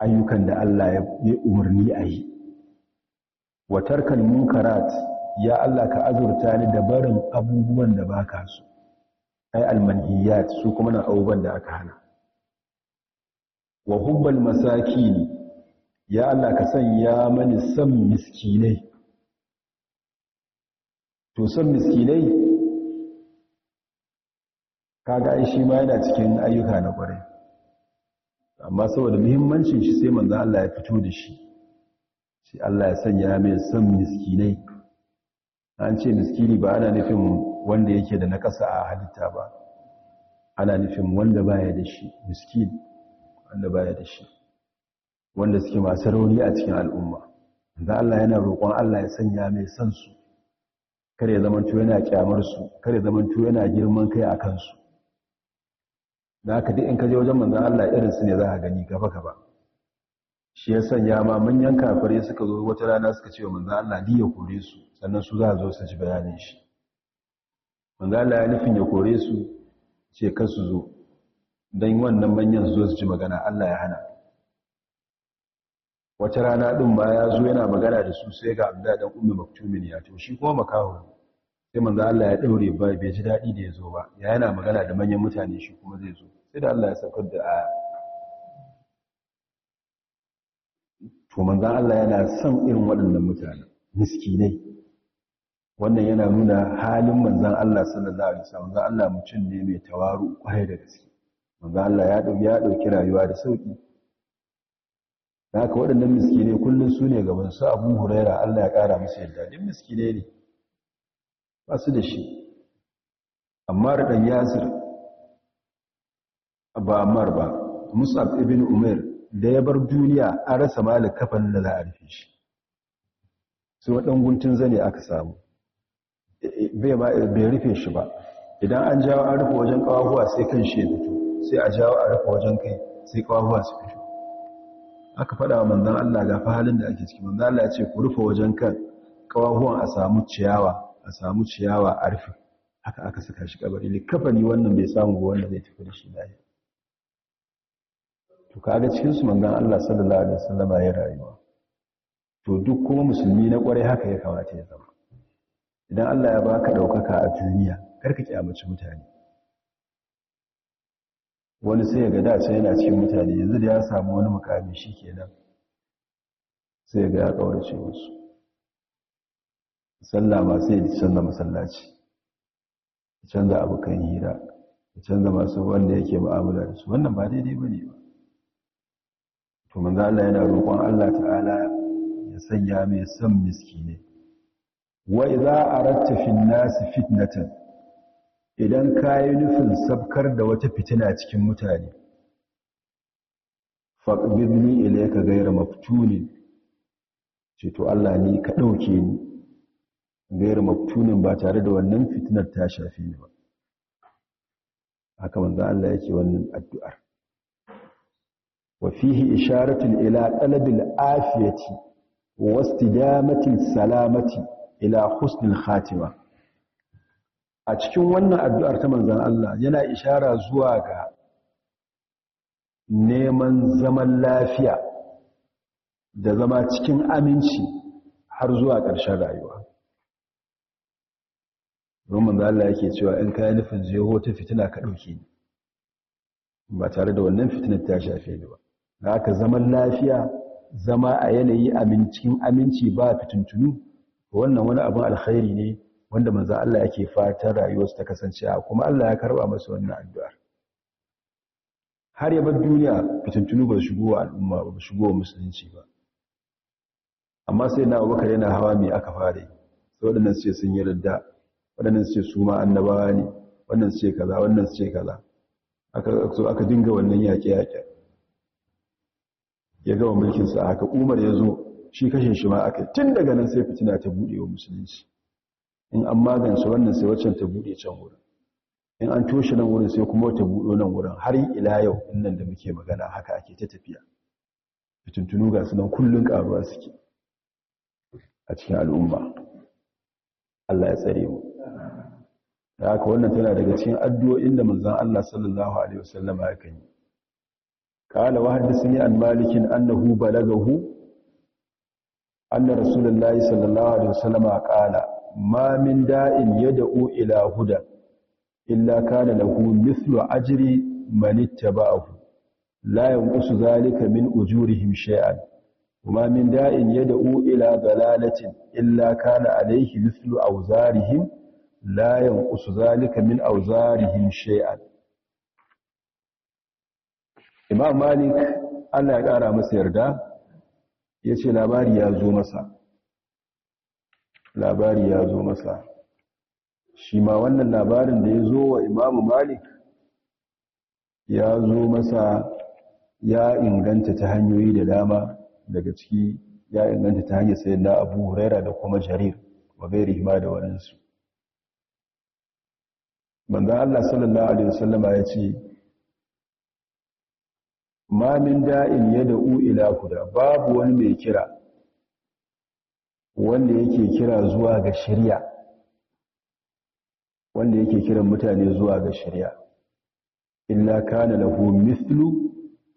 ayyukan da Allah ya umarni a yi watarkan munkarat ya Allah ka azurta ni da barin abubuwan da baka su ai almanhiyat su kuma na abubuwan da aka hana wa hubbal masakin ya Allah ka sanya mani san miskinai to san miskinai kaga ai shi ma yana cikin ayyuka na kwarai amma saboda muhimmancin shi sai manzo Allah ya fito da shi shi Allah ya sanya mai son miskinai an ce miskini ba ana nufin wanda yake da nakasa a halitta ba ana nufin wanda baya da shi miskin wanda baya da shi wanda suke masu rauni a cikin al'umma da Allah yana roƙon Allah ya sanya mai son su kare zamanto yana kyamar su kare zamanto yana girman kai a kansu da haka duk in ka je wajen manzon Allah irin su ne za ka gani gaba gaba shi ya sanya ma manyan kafare suka zo wata rana suka ce wa manzon Allah ni ya kore su sannan su za zo su ji bayanin shi manzon Allah ya nufin ya kore su ce kar su zo dan wannan manyan su zo su ji magana Allah ya hana wata rana ɗin ba ya zo yana magana da su sai ga abda ɗan ummi maktumin ya to shi kuma makaho sai manzan Allah ya daure ba bai ji daɗi da ya zo ba ya yana magana da manyan mutane shi kuma zai zo sai da Allah ya saukar da a to manzan Allah yana son irin waɗannan mutane ne wannan yana nuna halin manzan Allah sallallahu alaihi wasallam manzan Allah mutum ne mai tawaru kwarai da gaske manzan Allah ya ɗauki rayuwa da sauki da haka waɗannan miskinai kullum su ne gaban su abu huraira allah ya ƙara musu yadda duk miskine ne ba su da shi amma ɗan yasir ba ammar ba musab ibn umar da ya bar duniya an rasa malik kafan da za a rufe shi sai waɗan guntun zane aka samu bai rufe shi ba idan an jawo an rufe wajen ƙawahuwa sai kan shi ya fito sai a jawo a rufe wajen kai sai ƙawahuwa su fito aka faɗa wa manzan Allah ga fa halin da ake ciki manzan Allah ya ce ku rufe wajen kan kawahuwan a samu ciyawa a samu ciyawa a rufe haka aka saka shi kabari likafani wannan bai samu ba wanda zai tafi da shi lafiya to kaga cikin su manzan Allah sallallahu alaihi wasallama ya rayuwa to duk kuma musulmi na kwarai haka ya kamata ya zama idan Allah ya baka daukaka a duniya kar ka kyamaci mutane wani sai ga dace yana cikin mutane yanzu da ya samu wani mukami shi kenan sai ga ya kaurace musu sallah ma sai ya canza masallaci ya canza abokan hira ya canza masu wanda yake mu'amala da su wannan ba daidai ba ne ba to manzo Allah yana roƙon Allah ta'ala ya sanya mai son miski ne wa idza aratta fi nasi fitnatan idan ka yi nufin sabkar da wata fitina cikin mutane faƙbirni ka gaira maftunin ce to Allah ne ka ɗauke ni gaira maftunin ba tare da wannan fitinar ta shafi ni ba haka manzo Allah yake wannan addu'ar Wafihi fihi isharatun ila talabil afiyati wa istidamatil salamati ila husnil khatima a cikin wannan addu'ar ta manzan Allah yana ishara zuwa ga neman zaman lafiya da zama cikin aminci har zuwa ƙarshen rayuwa roman da Allah yake cewa in kayan nufin jeho ta fitina ka ɗauki ba tare da wannan fitinar ta shafe ni ba da aka zaman lafiya zama a yanayi cikin aminci ba fitintunu wannan wani abin alkhairi ne wanda manzo Allah yake fatan rayuwarsu ta kasance a kuma Allah ya karba masa wannan addu'ar har ya bar duniya fitintunu ba shigo wa al'umma ba shigo wa musulunci ba amma sai na Abubakar yana hawa mai aka fare sai waɗannan su ce sun yi radda waɗannan su ce su ma annabawa ne wannan su kaza wannan su kaza aka aka dinga wannan yaƙe yaƙe ya gama mulkin sa haka Umar ya zo shi kashe shi ma aka tun daga nan sai fitina ta buɗe wa musulunci in an magance wannan sai waccan ta buɗe can wurin in an toshe nan wurin sai kuma wata buɗe nan wurin har ila yau innan da muke magana haka ake ta tafiya tuntunu ga su nan kullum ƙaruwa suke a cikin al'umma Allah ya tsare mu da haka wannan tana daga cikin addu'o'in da manzon Allah sallallahu alaihi wasallam ya kai yi qala wa haddathani an malikin annahu balagahu anna rasulullahi sallallahu alaihi wasallama qala ma da'in yad'u ila huda illa kana lahu mithlu ajri man ittaba'ahu la yanqusu zalika min ujurihim shay'an ma min da'in yad'u ila dalalatin illa kana alayhi mithlu awzarihim la yanqusu zalika min awzarihim shay'an imam malik Allah ya ƙara masa yarda yace labari ya zo masa labari ya zo masa shi ma wannan labarin da ya zo wa imamu malik ya zo masa ya inganta ta hanyoyi da dama daga ciki ya inganta ta hanyar sayan na abu huraira da kuma jarir wa gairi ma da waɗansu manzan allah sallallahu alaihi wasallama ya ce ma min da'in ya da'u ila kuda babu wani mai kira wanda yake kira zuwa ga shirya wanda yake kiran mutane zuwa ga shirya illa kana lahu mithlu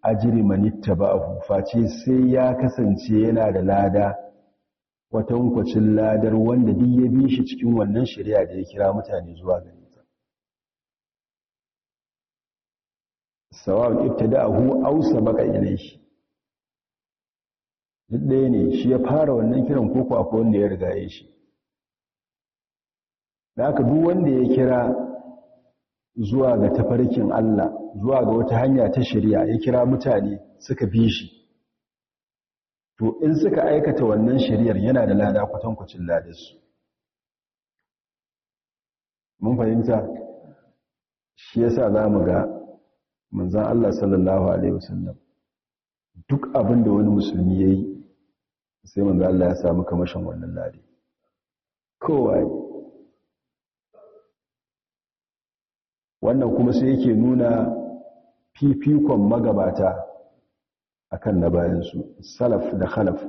ajri man ittaba'ahu face sai ya kasance yana da lada kwatankwacin ladar wanda duk ya bi shi cikin wannan shirya da ya kira mutane zuwa ga shari'a sawa ittada'ahu aw sabaqa ilayhi duk ɗaya ne shi ya fara wannan kiran koko a wanda ya riga rigaye shi da aka duk wanda ya kira zuwa ga tafarkin Allah zuwa ga wata hanya ta shirya ya kira mutane suka bi shi to in suka aikata wannan shiryar yana da lada kwatankwacin ladarsu mun fahimta shi ya sa za mu ga manzan Allah sallallahu Alaihi wasallam duk abin da wani musulmi ya yi sai manzo Allah ya samu kamashin wannan ladi kowai wannan kuma sai yake nuna fifikon magabata akan na bayansu salaf da khalaf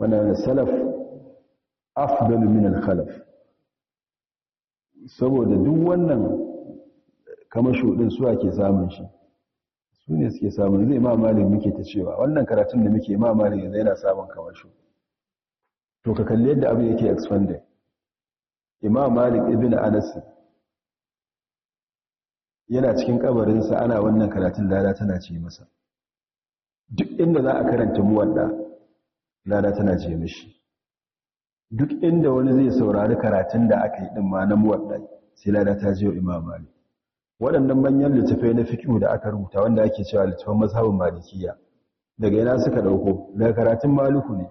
wannan salaf afdalu min al-khalaf saboda duk wannan kamasho din su ake samun shi su ne suke samun zai mamalin muke ta cewa wannan karatun da muke mamalin yanzu yana samun kamar shi to ka kalli yadda abu yake expanding imam malik ibn anas yana cikin sa ana wannan karatun lada tana ce masa duk inda za a karanta wanda lada tana ce mishi duk inda wani zai saurari karatun da aka yi din ma na muwadda sai lada ta je wa imam malik waɗannan manyan littafai na fiƙi da aka rubuta wanda ake cewa littafan mazhabin malikiya daga yana suka ɗauko daga karatun maluku ne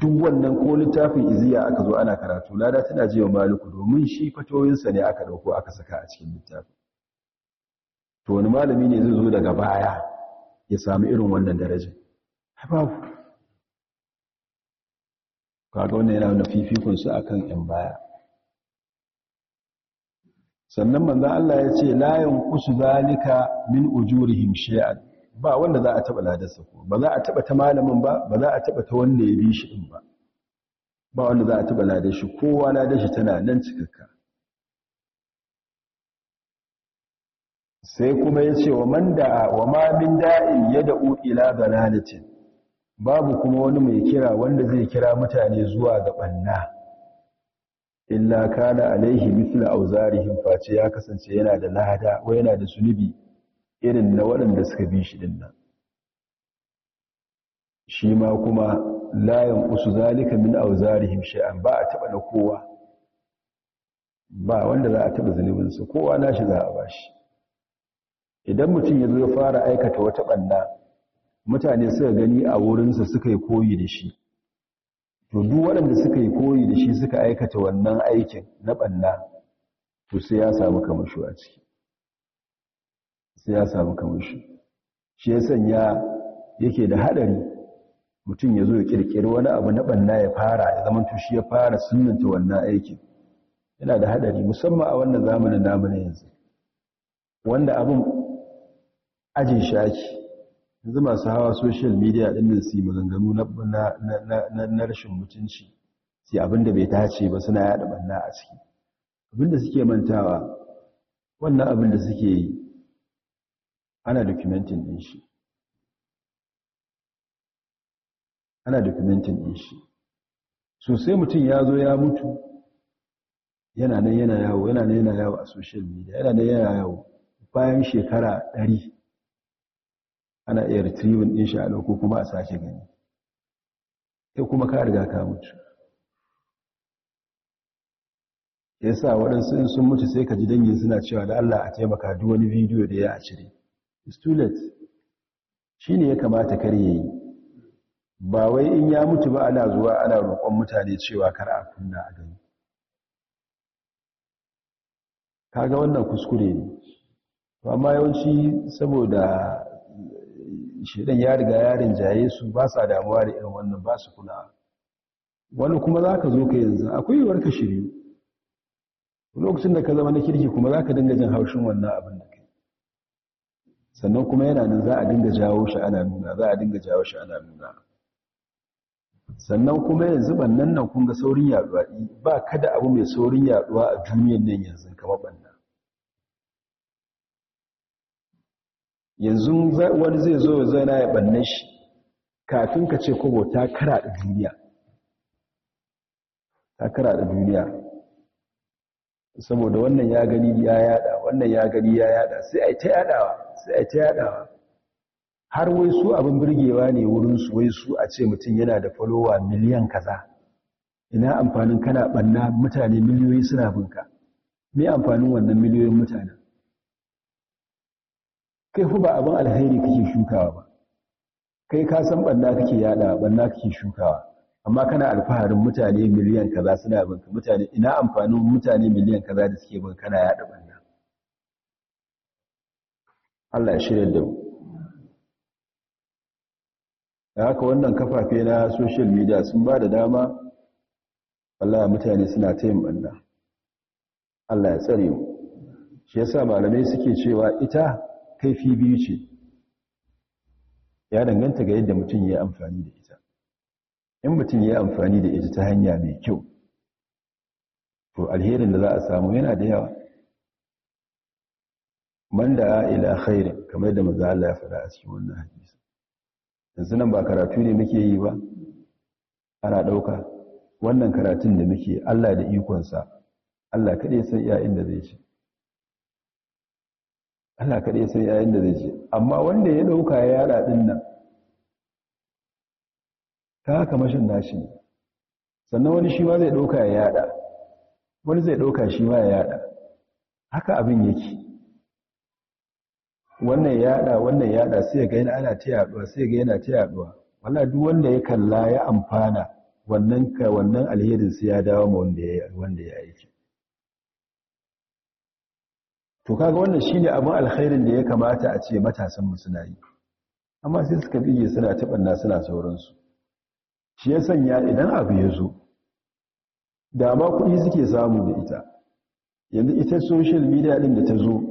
duk wannan ko littafin iziya aka zo ana karatu lada tana je wa maluku domin shi fatoyinsa ne aka ɗauko aka saka a cikin littafi to wani malami ne zai zo daga baya ya samu irin wannan daraja babu kaga wannan yana nufi fifikun su akan yan baya sannan manzan Allah ya ce layin kusu zalika min ujurihim shay'an ba wanda za a taba ladarsa ko ba za a taba ta malamin ba ba za a taba ta wanda ya bi shi din ba ba wanda za a taba ladar shi kowa ladar shi tana nan cikakka sai kuma ya ce wa man da wa ma min da'in yad'u ila dalalatin babu kuma wani mai kira wanda zai kira mutane zuwa ga banna illa kana alaihi mithla auzarihim face ya kasance yana da lahada, ko yana da zunubi irin na waɗanda suka bi shi dinnan. shi ma kuma layan usu zalika min auzarihim shay'an ba a taba na kowa ba wanda za a taba zunubin su kowa nashi za a bashi idan mutum ya zo ya fara aikata wata banda mutane suka gani a wurinsa suka yi koyi da shi to duk waɗanda suka yi koyi da shi suka aikata wannan aikin na ɓanna to sai ya samu kamashu a ciki sai ya samu kamashu shi ya sanya yake da haɗari mutum ya zo ya ƙirƙiri wani abu na ɓanna ya fara ya zama shi ya fara sunanta wannan aikin yana da haɗari musamman a wannan zamanin namunan yanzu wanda abin ajin shaki yanzu masu hawa social media ɗin da su maganganu na rashin mutunci sai abinda bai tace ba suna yada banna a ciki abinda suke mantawa wannan abinda suke yi ana documentin ɗin shi ana documentin ɗin shi so sai mutum ya zo ya mutu yana nan yana yawo yana nan yana yawo a social media yana nan yana yawo bayan shekara ɗari ana iya retrieving din shi a dauko kuma a sake gani sai kuma ka riga ka mutu yasa waɗansu in sun mutu sai ka ji dangi suna cewa da Allah a taimaka duk wani bidiyo da ya a cire Stulet. Shi ne ya kamata kar yayi ba wai in ya mutu ba ana zuwa ana roƙon mutane cewa kar a kunna a gani kaga wannan kuskure ne amma yawanci saboda shirin ya riga yarin jaye su ba sa damuwa da irin wannan ba su kula wani kuma za ka zo ka yanzu akwai yiwuwar ka shiri lokacin da ka zama na kirki kuma za ka dinga jin haushin wannan abin da kai sannan kuma yana nan za a dinga jawo shi ana nuna za a dinga jawo shi ana nuna sannan kuma yanzu bannan nan kun ga saurin yaduwa ba kada abu mai saurin yaduwa a duniyar nan yanzu kamar yanzu wani zai zo zana ya banne shi kafin ka ce kobo ta kara da duniya ta kara da duniya saboda wannan ya gani ya yada wannan ya gani ya yada sai a ta yadawa sai a ta yadawa har wai su abin birgewa ne wurin su wai su a ce mutum yana da falowa miliyan kaza ina amfanin kana banna mutane miliyoyi suna binka me amfanin wannan miliyoyin mutanen kai fa ba abin alheri kake shukawa ba kai ka san banna kake yada banna kake shukawa amma kana alfaharin mutane miliyan kaza suna bin ka mutane ina amfanin mutane miliyan kaza da suke bin kana yada banna Allah ya shirya da mu da haka wannan kafafe na social media sun ba da dama Allah mutane suna ta yin banna Allah ya tsare mu shi yasa malamai suke cewa ita kaifi biyu ce ya danganta ga yadda mutum ya yi amfani da ita in mutum ya yi amfani da ita ta hanya mai kyau to alherin da za a samu yana da yawa man da ila khairi kamar da maza Allah ya faɗa a cikin wannan hadisi yanzu nan ba karatu ne muke yi ba ana ɗauka wannan karatun da muke Allah da ikonsa Allah kaɗai san iya inda zai ce Allah kaɗai sun yayin da zai ce amma wanda ya ɗauka ya yara ɗin nan ta haka mashin nashi ne sannan wani shi ma zai ɗauka ya yada wani zai ɗauka shi ma ya yada haka abin yake wannan yada wannan yada sai ga yana ana ta yaduwa sai ga yana ta yaduwa wannan duk wanda ya kalla ya amfana wannan ka wannan alherin sai ya dawo ma wanda ya wanda ya aiki to kaga wannan shine abin alkhairin da ya kamata a ce matasan mu suna yi amma sai suka bige suna tabanna suna sauransu shi ya sanya idan abu ya zo da ma kuɗi suke samu da ita yanzu ita social media din da ta zo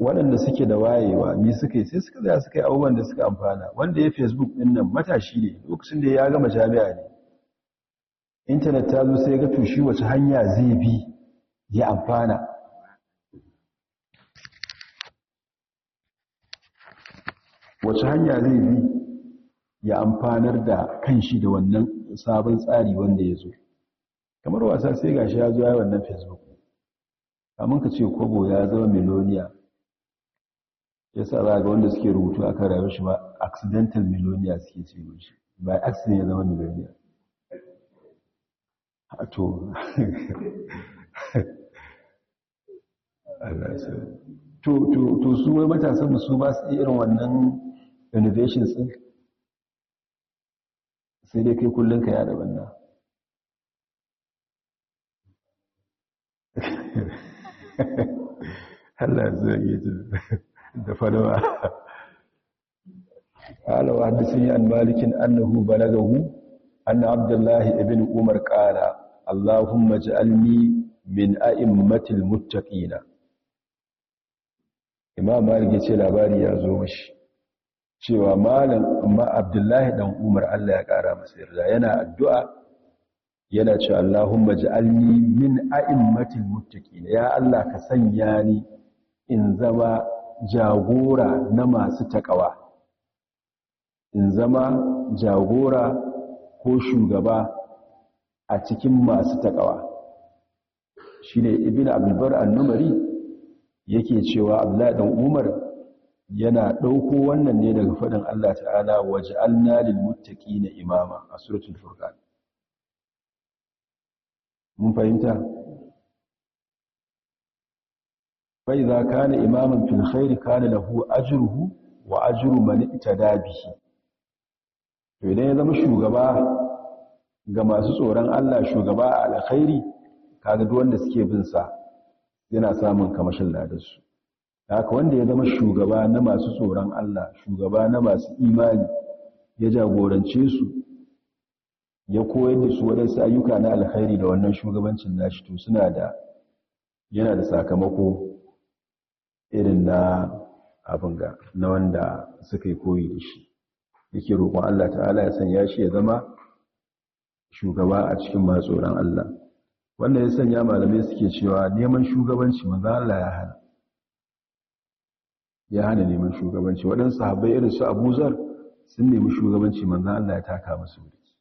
waɗanda suke da wayewa ni suka sai suka zai suka yi abubuwan da suka amfana wanda ya facebook ɗin nan matashi ne lokacin da ya gama jami'a ne intanet ta zo sai ga to shi wace hanya zai bi ya amfana wace hanya zai bi ya amfanar da kanshi da wannan sabon tsari wanda ya zo kamar wasa sai gashi ya zo ya wannan facebook kamun ka ce kobo ya zama miloniya ya sa za ga wanda suke rubutu a kan rayuwar shi ba accidental miloniya suke ce shi ba accident ya zama miloniya a to <laughs> to to su wai matasan su ba su irin wannan innovations din sai kai kullum ka yada banna <laughs> Allah zai yi ji da falawa alawa hadisun yi an malikin annahu balagahu anna abdullahi umar kara allahumma ji'alni min a'immatil muttaqina imam malik ya ce labari ya zo mashi cewa malam amma abdullahi dan umar Allah ya kara masa yarda yana addu'a yana cewa Allahumma ja'alni min a'immatin muttaqin ya Allah ka sanya ni in zama jagora na masu takawa in zama jagora ko shugaba a cikin masu takawa shine ibnu bar an-numari yake cewa Abdullahi dan Umar yana ɗauko wannan ne daga faɗin Allah ta'ala waje annalin mutaki na imama a suratun furkan mun fahimta bai za ka na imaman filhairi ka na lahu ajirhu wa ajiru mani ita dabihi to idan ya zama shugaba ga masu tsoron Allah shugaba a alkhairi kaga duk wanda suke bin sa yana samun kamashin ladarsu haka wanda ya zama shugaba na masu tsoron Allah shugaba na masu imani ya jagorance su ya koyar da su waɗansu ayyuka na alkhairi da wannan shugabancin nashi to suna da yana da sakamako irin na abin ga na wanda suka yi koyi da shi yake roƙon Allah ta'ala ya sanya shi ya zama shugaba a cikin masu tsoron Allah Wannan ya sanya malamai suke cewa neman shugabanci manzo Allah ya hana ya hana neman shugabanci waɗansu sahabbai irin su abuzar sun nemi shugabanci manzan Allah ya taka musu birki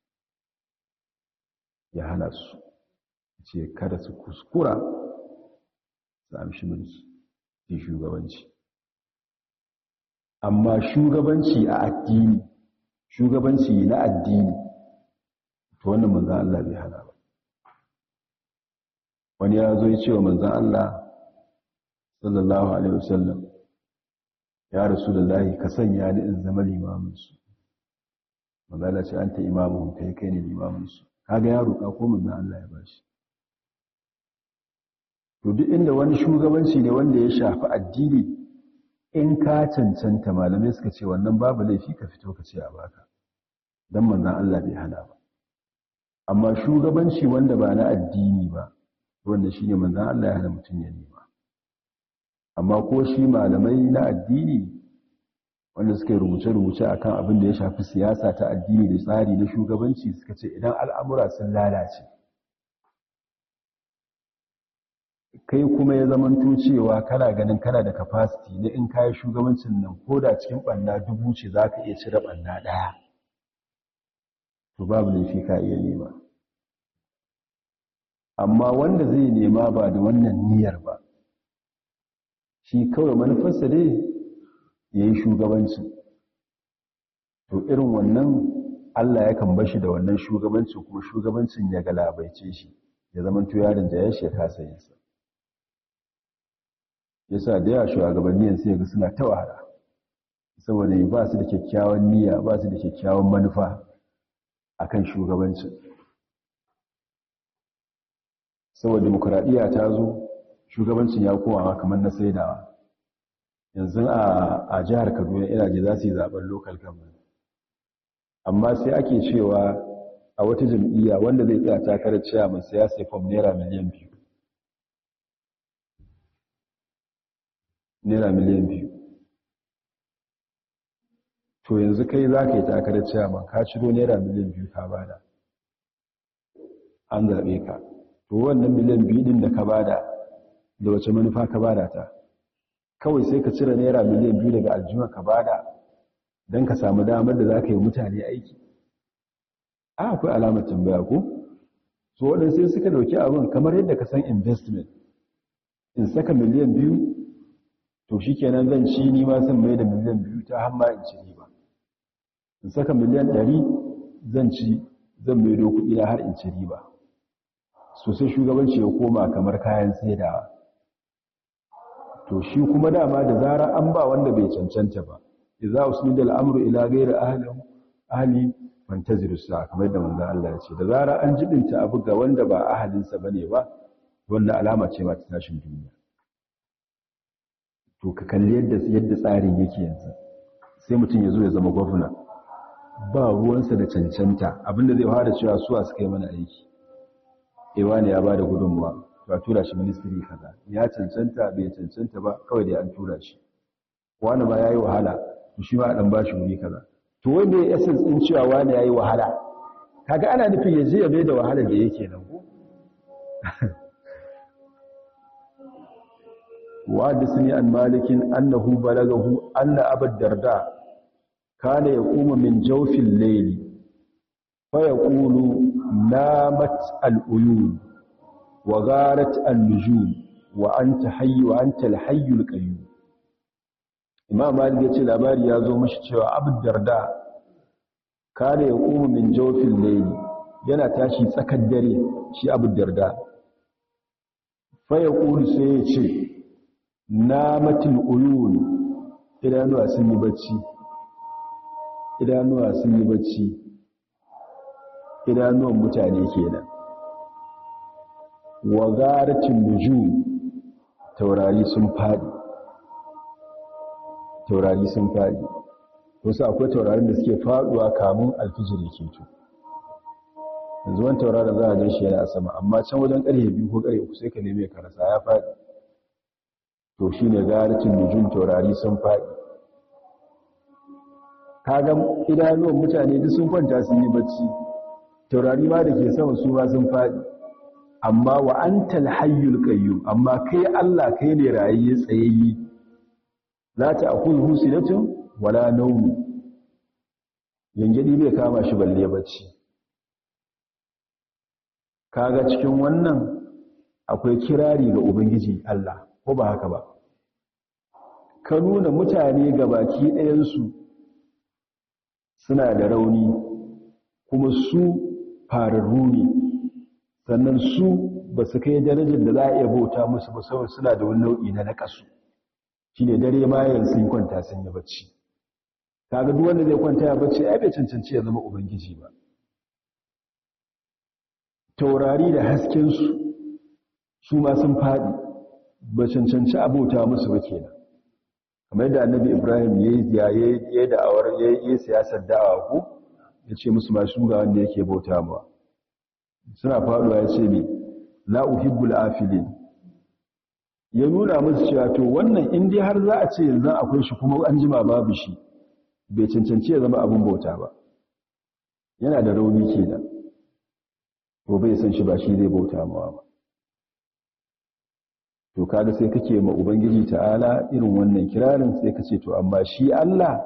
ya hana su ce kada su kuskura su amshi mulki ke shugabanci amma shugabanci a addini shugabanci na addini to wannan manzan Allah bai hana ba wani ya zo ya ce wa manzan Allah sallallahu alaihi wasallam ya rasu da lahi ka sanya ni in zama Limaminsu. su ce ce ta imamu kai kai ne Limaminsu. kaga ya roƙa ko manzon Allah ya bashi to duk inda wani shugabanci ne wanda ya shafi addini in ka cancanta malamai suka ce wannan babu laifi ka fito ka ce a baka dan manzon Allah bai hana ba amma shugabanci wanda ba na addini ba wanda shine manzon Allah ya hana mutum ya nema amma ko shi malamai na addini wanda suka yi rubuce-rubuce a kan abin da ya shafi siyasa ta addini da tsari na shugabanci suka ce idan al'amura sun lalace kai kuma ya zamanto cewa kana ganin kana da kafasiti na in kayi shugabancin nan ko da cikin ɓanna dubu ce za ka iya cire ɓanna ɗaya to babu laifi ka iya nema amma wanda zai nema ba da wannan niyyar ba shi kawai manufarsa dai ya yi shugabanci to irin wannan allah ya kan bashi da wannan shugabanci kuma shugabancin ya galabaice shi ya zama tuyarin jayar shi ya kasa sayinsa ya sa da yawa shugabanniyan sai ga suna ta wahala saboda ba su da kyakkyawan niyya ba su da kyakkyawan manufa a kan shugabancin saboda demokuraɗiyya ta zo shugabancin ya kowawa kamar na saidawa yanzu a jihar kaduna ina ji za su yi zaben lokal government amma sai ake cewa a wata jam'iyya wanda zai tsaya takarar chairman sai ya sai fom naira miliyan biyu naira miliyan biyu to yanzu kai za ka yi takarar ma ka ciro naira miliyan biyu ka bada an zaɓe ka to wannan miliyan biyu ɗin da ka bada da wace manufa ka bada ta kawai sai ka cire naira miliyan biyu daga aljuma ka bada don ka samu damar da za ka yi mutane aiki a akwai alamar tambaya ko Su waɗansu sai suka ɗauki abin kamar yadda ka san investment in saka miliyan biyu to shi kenan zan ci ni ma san mai da miliyan biyu ta hamma in ci ba. in saka miliyan ɗari zan ci zan mai do kuɗi na har in ci riba sosai shugabanci ya koma kamar kayan saidawa to shi kuma dama da zara an ba wanda bai cancanta ba idza usnida al-amru ila ghairi ahli ahli fantazir sa kamar da manzo Allah ya ce da zara an jibinta abu ga wanda ba ahalin sa bane ba wannan alama ce ma tashin duniya to ka kalli yadda yadda tsarin yake yanzu sai mutum ya zo ya zama gwamna ba ruwansa da cancanta abinda zai fara cewa suwa suka yi mana aiki ewa ne ya bada gudunmuwa to a tura shi ministry kaza ya cancanta bai cancanta ba kawai da an tura shi wani ba yayi wahala to shi ma a dan bashi wuri kaza to wanda ya san din cewa wani yayi wahala kaga ana nufin ya je ya bai da wahala da yake nan ko وحدثني عن مالك Anna بلغه darda, أبا الدرداء كان يقوم من جوف الليل فيقول نامت الأيون wa garat an wa anta hayyu wa anta al-hayyul qayyum imam yace labari ya zo mashi cewa abd darda ya yaqumu min jawfil layl yana tashi tsakar dare shi abd darda fa yaqulu sai yace namatil uyun idanuwa sun yi bacci idanuwa sun yi bacci idanuwan mutane kenan wa zaratin nujum taurari sun fadi taurari sun fadi wasu akwai taurarin da suke faduwa kamun alfijir yake to yanzu wani taurarin za a gan shi yana sama amma can wajen ƙarfe biyu ko ƙarfe uku sai ka neme ka rasa ya fadi to shi ne garatin nujum taurari sun fadi ga idanuwan mutane duk sun kwanta sun yi bacci taurari ma da ke sama su ma sun fadi amma wa antal hayyul qayyum amma kai Allah kai ne rayi tsayayye la ta'khudhu sinatun wala nawm yanjadi bai kama shi balle bacci kaga cikin wannan akwai kirari ga ubangiji Allah ko ba haka ba ka nuna mutane ga baki ɗayansu suna da rauni kuma su fararru ne sannan su ba su kai darajar da za a iya bauta musu ba saboda suna da wani nau'i na nakasu shi ne dare yanzu sun kwanta sun yi bacci kaga ga wanda zai kwanta ya bacci ai bai cancanci ya zama ubangiji ba taurari da hasken su ma sun faɗi ba cancanci bauta musu ba kenan kamar yadda annabi ibrahim ya yi da'awar ya yi siyasar da'awa ko ya ce musu ma shugaban wanda yake bauta mawa suna faɗuwa ya ce ne la'uhibbul afilin ya nuna musu cewa to wannan indi har za a ce yanzu akwai shi kuma an jima babu shi bai cancanci ya zama abin bauta ba yana da rauni ke da ko bai san shi ba shi zai bauta mawa ba to kada sai kake ma ubangiji ta'ala irin wannan kirarin sai kace to amma shi Allah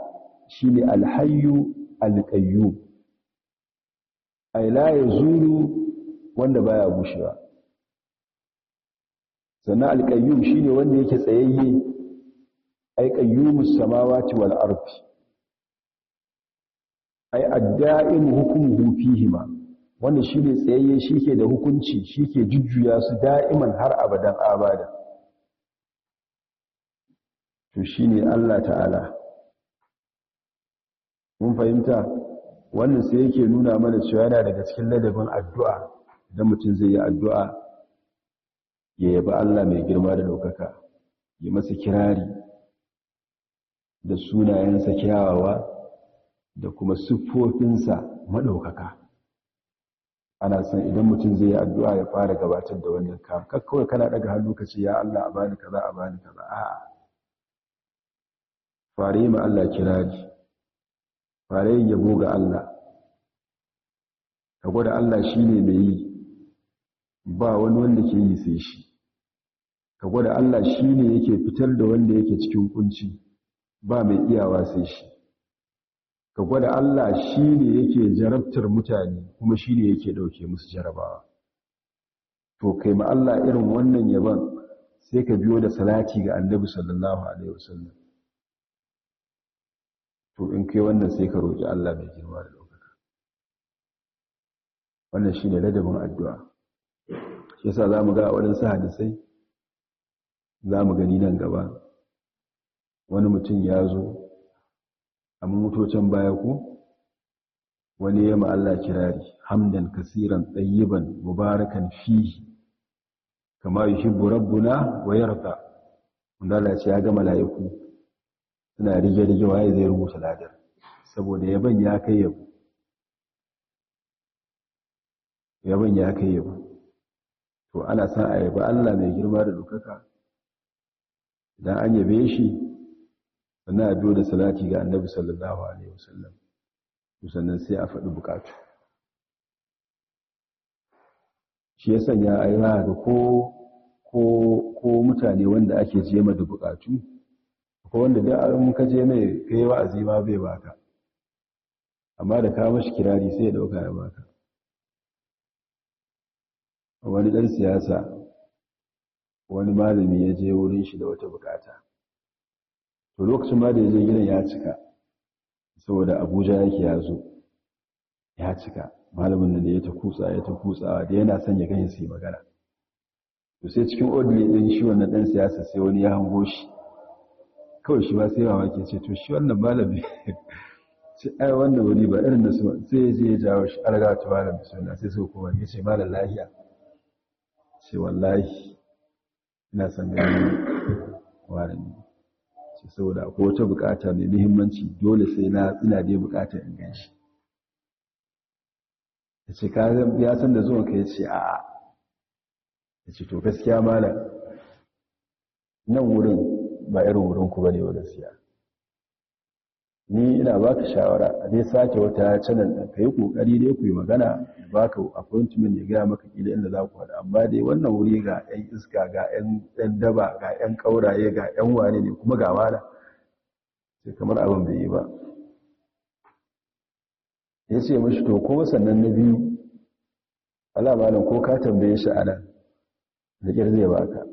shi ne alhayyu alqayyum ay la yazulu wanda baya bushewa sannan alƙayyum shine wanda yake tsayayye ai qayyumus samawati wal ardi ai adda'im hukmuhu fihima wanda shine tsayayye shike da hukunci shike jujjuya su da'iman har abadan abada to shine Allah ta'ala mun fahimta wannan sai yake nuna mana cewa yana daga cikin ladabin addu'a idan mutum zai yi addu'a ya yaba Allah mai girma da ɗaukaka ya masa kirari da sunayensa kyawawa da kuma siffofinsa maɗaukaka ana son idan mutum zai yi addu'a ya fara gabatar da wannan ka kawai kana daga hannu ka ce ya Allah a bani kaza a bani kaza a'a fare ma Allah kirari fare yabo ga Allah ka gwada Allah shi ne mai yi ba wani wanda ke yi sai shi ka gwada Allah shi ne yake fitar da wanda yake cikin kunci ba mai iyawa sai shi ka gwada Allah shi ne yake jarabtar mutane kuma shi ne yake ɗauke musu jarabawa to kai ma Allah irin wannan yaban sai ka biyo da salati ga annabi sallallahu alaihi wasallam to in kai wannan sai ka roƙi Allah mai girma da ɗaukaka wannan shi ne ladabin addu'a shi yasa za mu ga a waɗansu hadisai za mu gani nan gaba wani mutum ya zo a mutocin baya ku? wani ya Allah kirari hamdan kasiran ɗayyiban mubarakan fihi kama yi hibbu rabbuna wa yarda wanda Allah ce ya ga mala'iku suna rige-rige waye zai rubuta ladar saboda yaban ya kai yabo yaban ya kai yabo to ana sa a yabi Allah mai girma da dukaka idan an yabe shi sannan a biyo da salati ga annabi sallallahu alaihi wasallam sannan sai a faɗi bukatu shi ya sanya a yi ga ko ko mutane wanda ake jema da bukatu ko wanda da an je mai kai wa'azi ma bai baka amma da ka mashi kirari sai ya dauka ya baka wani ɗan siyasa wani malami ya je wurin shi da wata bukata to lokacin ma da ya je gidan ya cika saboda abuja yake ya zo ya cika malamin nan da ya ta kusa ya ta kutsawa da yana son ya gani su yi magana to sai cikin ordinary ɗin shi wannan ɗan siyasa sai wani ya hango shi kawai shi ba sai ba wake ce to shi wannan malami ce ai wannan wuri ba irin da su sai ya je ya jawo shi arga ta malam suna sai su koma ya ce malam lahiya ce wallahi ina son ganin ne ce saboda akwai wata bukata mai muhimmanci dole sai na ina dai bukata in gan ya ce ya san da zuwa ka ya ce a ya ce to gaskiya malam nan wurin ba irin wurin ku bane wa gaskiya ni ina baka shawara a dai sake wata channel din ka kokari ƙoƙari dai ku yi magana baka appointment ya gaya maka kila inda za ku amma dai wannan wuri ga 'yan iska ga 'yan daba ga 'yan ƙauraye ga 'yan wane ne kuma ga wala sai kamar abin bai yi ba ya ce mashi to ko sannan na biyu alamalin ko ka tambaye shi a nan da zai baka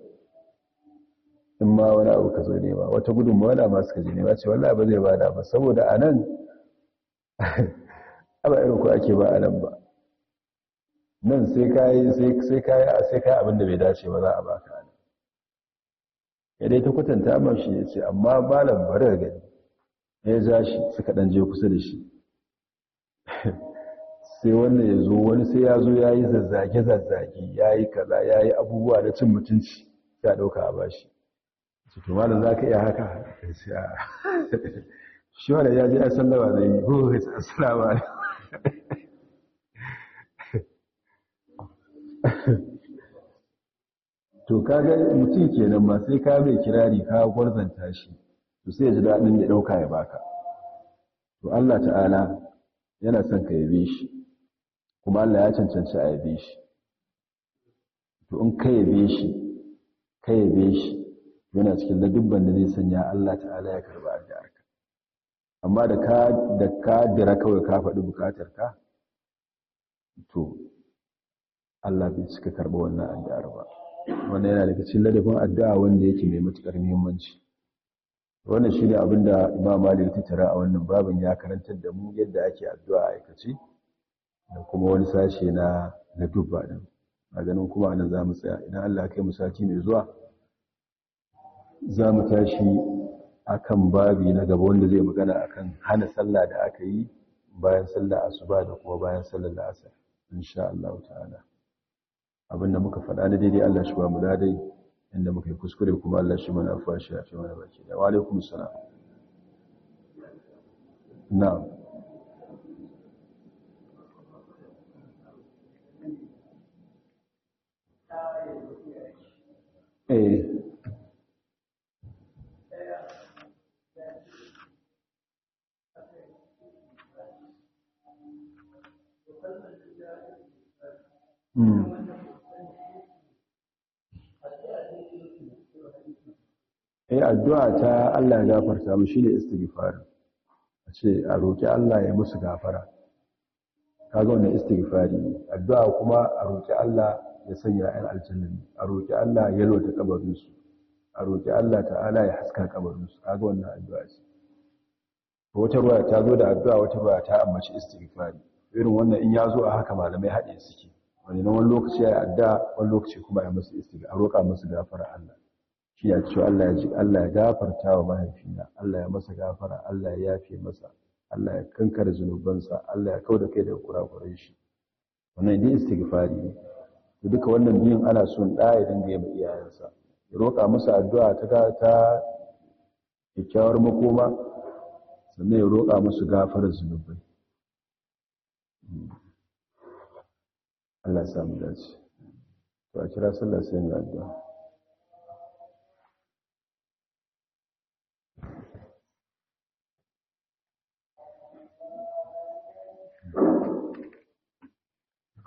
in ma wani abu ka zo nema wata gudunmawa na masu kaji nema ce wallah ba zai bada ba saboda a nan <laughs> ba irin ku ake ba a nan ba nan sai kayi sai kayi a sai kayi abinda bai dace ba za a ka ne ya dai ta kwatanta ma shi ya ce amma malam bari ga gani ya ja shi suka dan je kusa da shi <laughs> sai wannan ya zo wani sai ya zo ya yi zazzage zazzage ya yi kaza ya yi abubuwa da cin mutunci ya ɗauka a bashi su kuma da za ka iya haka eh, <laughs> shi wadda ya ji a sallama zai yi huhu a sallama <laughs> ne to kaga mutum kenan ba sai ka bai kirari ka gwarzanta shi to sai ji daɗin ya ɗauka ya baka to Allah ta'ala yana son ka yabe shi kuma Allah ya cancanci a yabe shi to in ka yabe shi ka yabe shi yana cikin ladubban da zai sanya Allah ta'ala ya karba addu'arka amma da ka da ka dira kawai ka faɗi bukatarka to Allah bai cika karba wannan addu'ar ba wannan yana daga cikin ladabin addu'a wanda yake mai matukar muhimmanci wannan shine abin da Imam da ya tara a wannan babin ya karantar da mu yadda ake addu'a a aikace da kuma wani sashe na ladubba din a ganin kuma anan za mu tsaya idan Allah ya kai mu sati mai zuwa za mu tashi akan babi na gaba wanda zai magana akan hana sallah da aka yi bayan sallah asuba da kuma bayan sallah la'asar insha Allah ta'ala abinda muka faɗa na daidai Allah shi ba mu dadai inda muka yi kuskure kuma Allah shi mana afuwa shi ya fi wani baki da wa alaikum salam na'am eh Ai hmm. eh, addu'a ta Allah ya gafarta mu shine istighfar a ce a roki Allah ya musu gafara kaga wannan istighfari addu'a kuma a roki Allah ya sanya 'yan aljanna a roki Allah ya lota kabarin su a roki Allah ta'ala ya haska kabarin su kaga wannan addu'a ce wata ruwa ta zo da addu'a wata ruwa ta ambaci istighfari irin wannan in ya zo a haka malamai haɗe suke wani na wani lokaci ya adda wani lokaci kuma ya masu istiga a roƙa masu gafara Allah shi ya ce Allah ya ji Allah ya gafarta wa mahaifina Allah ya masa gafara Allah ya yafe masa Allah ya kankare zunubansa Allah ya kauda kai daga kurakuran shi wannan dai istighfari ne to duka wannan biyun ana son da ya dinga yi iyayensa ya roƙa masa addu'a ta ta kyakkyawar makoma sannan ya roƙa musu gafarar zunubai hmm. Allah ya samu dace to a kira sallah sai mu addu'a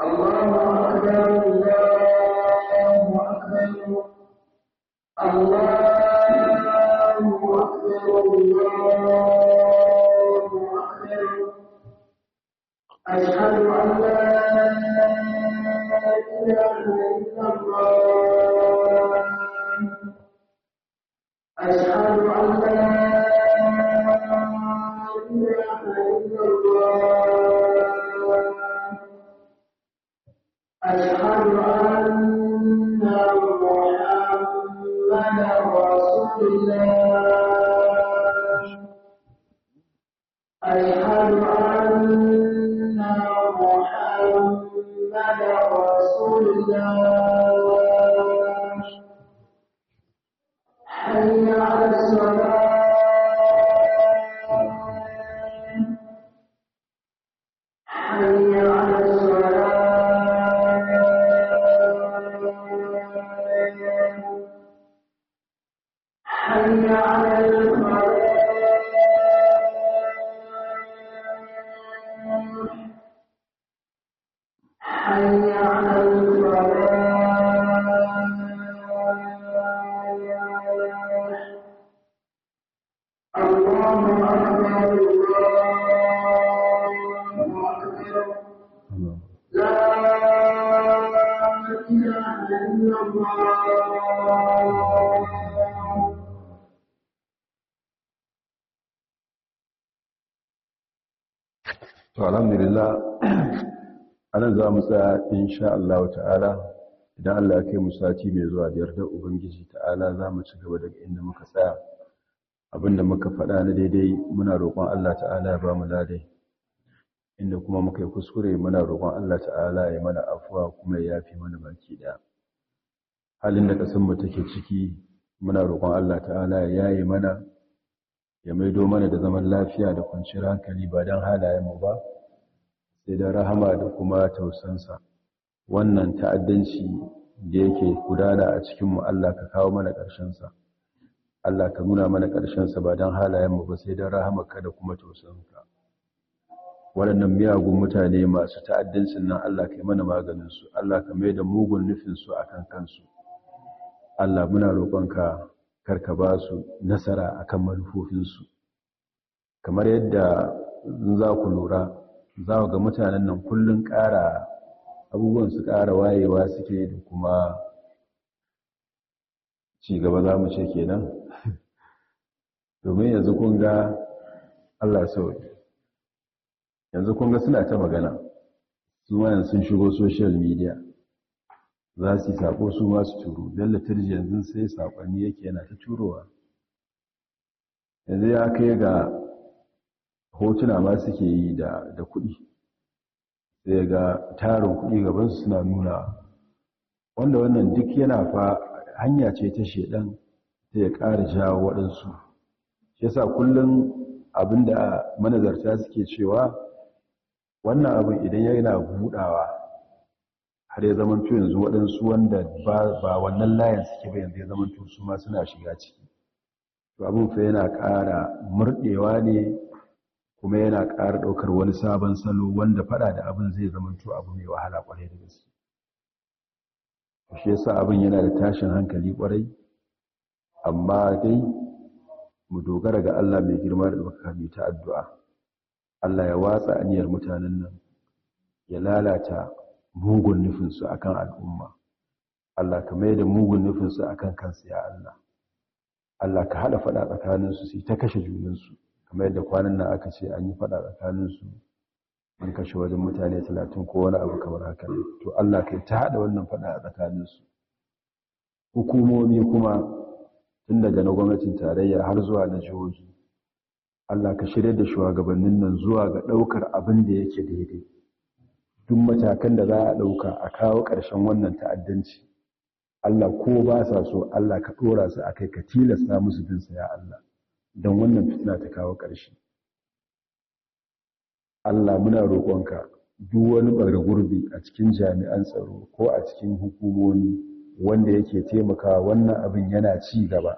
Allahu akbar Allahu akbar Allahu akbar Allahu akbar أشهد أن لا إله إلا الله أشهد أن لا إله إلا الله أشهد أن محمدا رسول الله حي على الفلاح الله أكبر الله لا إله إلا الله الحمد لله anan za mu tsaya insha Allah ta'ala idan Allah ya kai mu sati mai zuwa da ubangiji ta'ala za mu ci gaba daga inda muka tsaya abinda muka faɗa na daidai muna roƙon Allah ta'ala ya ba mu ladai inda kuma muka yi kuskure muna roƙon Allah ta'ala ya mana afuwa kuma ya yafi mana baki ɗaya halin da ƙasar mu take ciki muna roƙon Allah ta'ala ya yaye mana ya maido mana da zaman lafiya da kwanciyar hankali ba don halayen mu ba sai da rahama da kuma tausansa wannan ta'addanci da yake gudana a cikinmu Allah ka kawo mana ƙarshensa Allah ka nuna mana ƙarshensa ba don halayenmu ba sai don rahamarka da kuma tausanka waɗannan miyagun mutane masu ta'addancin nan Allah ka yi mana maganinsu Allah ka mai da mugun nufinsu a kan kansu Allah muna roƙonka karka ba su nasara akan kan manufofinsu kamar yadda za ku lura za ga mutanen nan kullum ƙara abubuwan su ƙara wayewa suke da kuma ci gaba za mu ce ke nan. <laughs> domin yanzu kun ga Allah ne. yanzu kun ga suna ta magana su yanzu sun shigo social media za su yi saƙo su ma su turu don liturji yanzu sai saƙonni yake yana ta turowa yanzu ya kai ga hotuna ma suke yi da kuɗi sai ga tarin kuɗi gaban su suna nuna wanda wannan duk yana fa hanya ce ta shedan sai ya ƙara jawo waɗansu shi yasa kullum abinda manazarta suke cewa wannan abin idan yana buɗawa, har ya zama to yanzu waɗansu wanda ba wannan layin suke ba yanzu ya zama to su ma suna shiga ciki to abin fa yana ƙara murɗewa ne kuma yana ƙara ɗaukar wani sabon salo wanda faɗa da abin zai zamanto abu mai wahala ƙwarai da gaske shi yasa abin yana da tashin hankali ƙwarai amma dai mu dogara ga Allah mai girma da ɗaukaka mai ta addu'a Allah ya watsa aniyar mutanen nan ya lalata mugun nufinsu akan al'umma Allah ka mai da mugun nufinsu akan kansu ya Allah Allah ka haɗa faɗa tsakaninsu su ta kashe junansu kamar yadda kwanan nan aka ce an yi faɗa tsakaninsu an kashe wajen mutane talatin ko wani abu kamar haka ne to allah kai ta haɗa wannan faɗa a tsakaninsu hukumomi kuma tun daga na gwamnatin tarayya har zuwa na jihohi allah ka shirya da shugabannin nan zuwa ga ɗaukar abin da yake daidai duk matakan da za a ɗauka a kawo ƙarshen wannan ta'addanci allah ko ba sa so allah ka ɗora su a kai ka tilasta musu bin saya allah don wannan fitna ta kawo ƙarshe Allah muna roƙonka duk wani gurbi a cikin jami'an tsaro ko a cikin hukumomi wanda yake taimakawa wannan abin yana ci gaba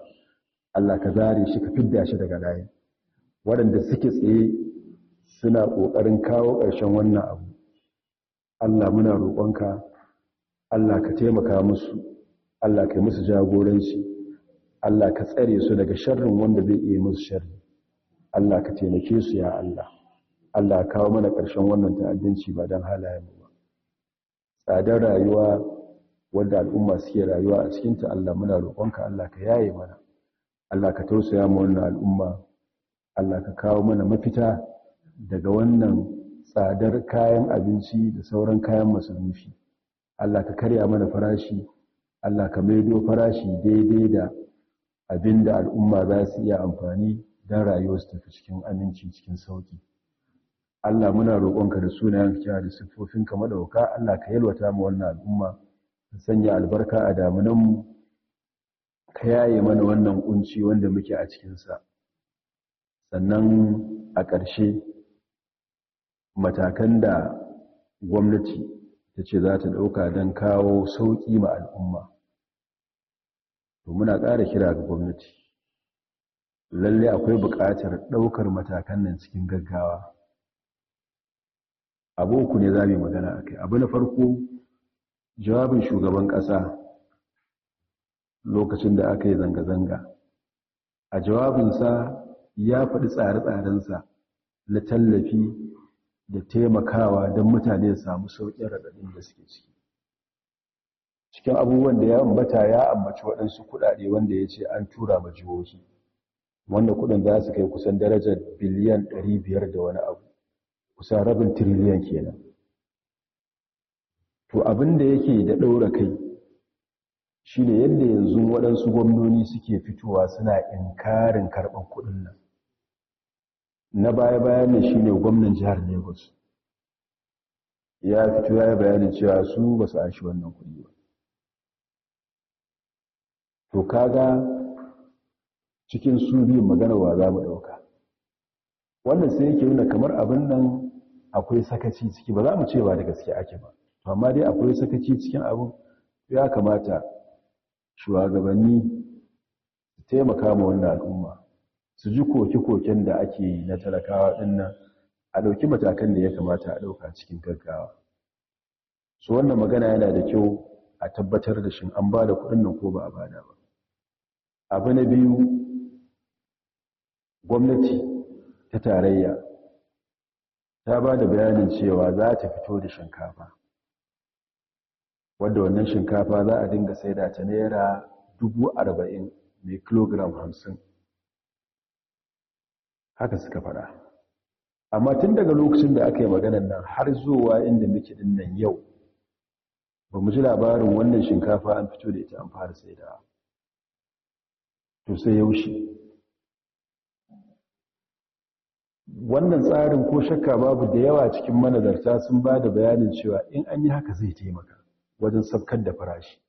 Allah ka zare shi ka fidda shi daga layi waɗanda suke tsaye suna ƙoƙarin kawo ƙarshen wannan abu Allah muna roƙonka Allah ka taimaka musu Allah ka yi musu jagoranci Allah ka tsare su daga sharrin wanda zai iya musu sharri Allah ka taimake su ya Allah Allah kawo mana ƙarshen wannan ta'addanci ba don halayen ba tsadar rayuwa wadda al'umma suke rayuwa a cikinta Allah muna roƙonka Allah ka yaye mana Allah ka tausaya mu wannan al'umma Allah ka kawo mana mafita daga wannan tsadar kayan abinci da sauran kayan masarufi Allah ka karya mana farashi Allah ka maido farashi daidai da Abin da al'umma za su iya amfani don su tafi cikin aminci cikin sauƙi Allah muna roƙonka da sunayen kyawa da siffofinka madauka Allah ka yalwata mu wannan al'umma ka sanya albarka a damunanmu ka yaye mana wannan kunci wanda muke a cikinsa sannan a ƙarshe matakan da gwamnati ta ce za ta ɗauka don kawo sauƙi ma al'umma to muna ƙara kira ga gwamnati lalle akwai buƙatar ɗaukar matakan nan cikin gaggawa aboku ne za mu magana a kai abu na farko jawabin shugaban ƙasa lokacin da aka yi zanga-zanga a jawabinsa ya faɗi tsare-tsarensa na tallafi da taimakawa don mutane su samu sauƙin raɗaɗin da suke ciki cikin abubuwan da ya ambata ya ambaci waɗansu kuɗaɗe wanda ya ce an tura ma jihohi wanda kuɗin za su kai kusan darajar biliyan 500 da wani abu kusan rabin tiriliyan kenan to abin da yake da ɗaura kai shi ne yadda yanzu waɗansu gwamnoni suke fitowa suna inkarin karɓar kuɗin nan na baya-bayan ne shi ne gwamnan jihar lagos ya fito ya bayanin cewa su ba su an shi wannan kuɗi ba to kaga cikin su biyun magana wa za mu ɗauka wannan sai yake nuna kamar abin nan akwai sakaci ciki ba za mu ce ba da gaske ake ba amma dai akwai sakaci cikin abu ya kamata shugabanni su taimaka ma wannan al'umma su ji koke-koken da ake yi na talakawa ɗinnan a ɗauki matakan da ya kamata a ɗauka cikin gaggawa su wannan magana yana da kyau a tabbatar da shi an ba da kuɗin nan ko ba a bada ba abu na biyu gwamnati ta tarayya ta ba da bayanin cewa za ta fito da shinkafa wadda wannan shinkafa za a dinga saida ta naira dubu arba'in mai kilogram hamsin. haka suka fada amma tun daga lokacin da aka yi maganan nan har zuwa inda muke dinnan nan yau ba mu ji labarin wannan shinkafa an fito da ita an fara da to sai yaushe wannan tsarin ko shakka babu da yawa cikin manazarta sun ba da bayanin cewa in an yi haka zai taimaka wajen sabkar da farashi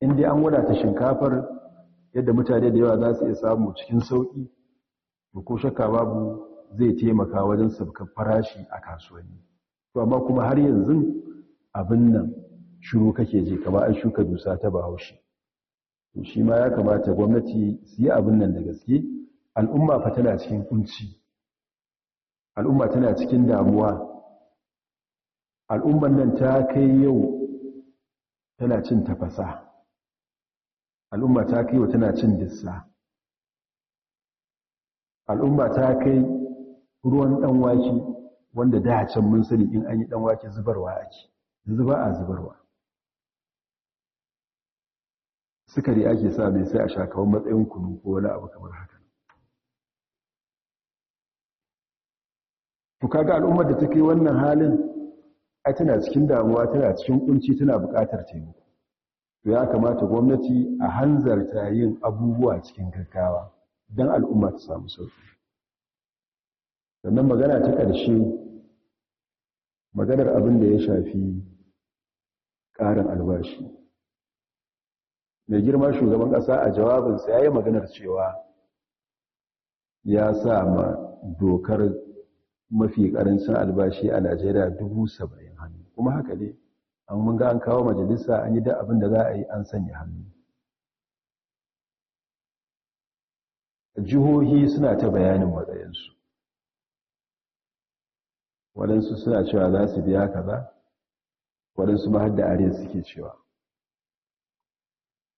in dai an wadata shinkafar yadda mutane da yawa za su iya samu cikin sauƙi to ko shakka babu zai taimaka wajen sabkar farashi a kasuwanni to amma kuma har yanzu abin nan shiru kake je kamar an shuka dusa ta bahaushe to shi ma ya kamata gwamnati su yi abin nan da gaske al'umma fa tana cikin kunci al'umma tana cikin damuwa al'umman nan ta kai yau tana cin tafasa al'umma ta kai yau tana cin dissa al'umma ta kai ruwan ɗanwake wanda da can mun sani in an yi ɗanwake zubarwa ake zuba a zubarwa sukari ake sa mai sai a sha kawon matsayin kunu ko wani abu kamar haka to ga al'ummar da ta ke wannan halin a tana cikin damuwa tana cikin kunci tana buƙatar taimako to ya kamata gwamnati a hanzarta yin abubuwa cikin gaggawa don al'umma ta samu sauki sannan magana ta ƙarshe maganar abin da ya shafi ƙarin albashi mai girma shugaban ƙasa a jawabinsa ya yi maganar cewa ya sa ma dokar mafi ƙarancin albashi a najeriya dubu saba'in hannu kuma haka ne an mun ga an kawo majalisa an yi da abin da za a yi an sanya hannu jihohi suna ta bayanin matsayinsu waɗansu suna cewa za su biya kaza waɗansu ma har da are suke cewa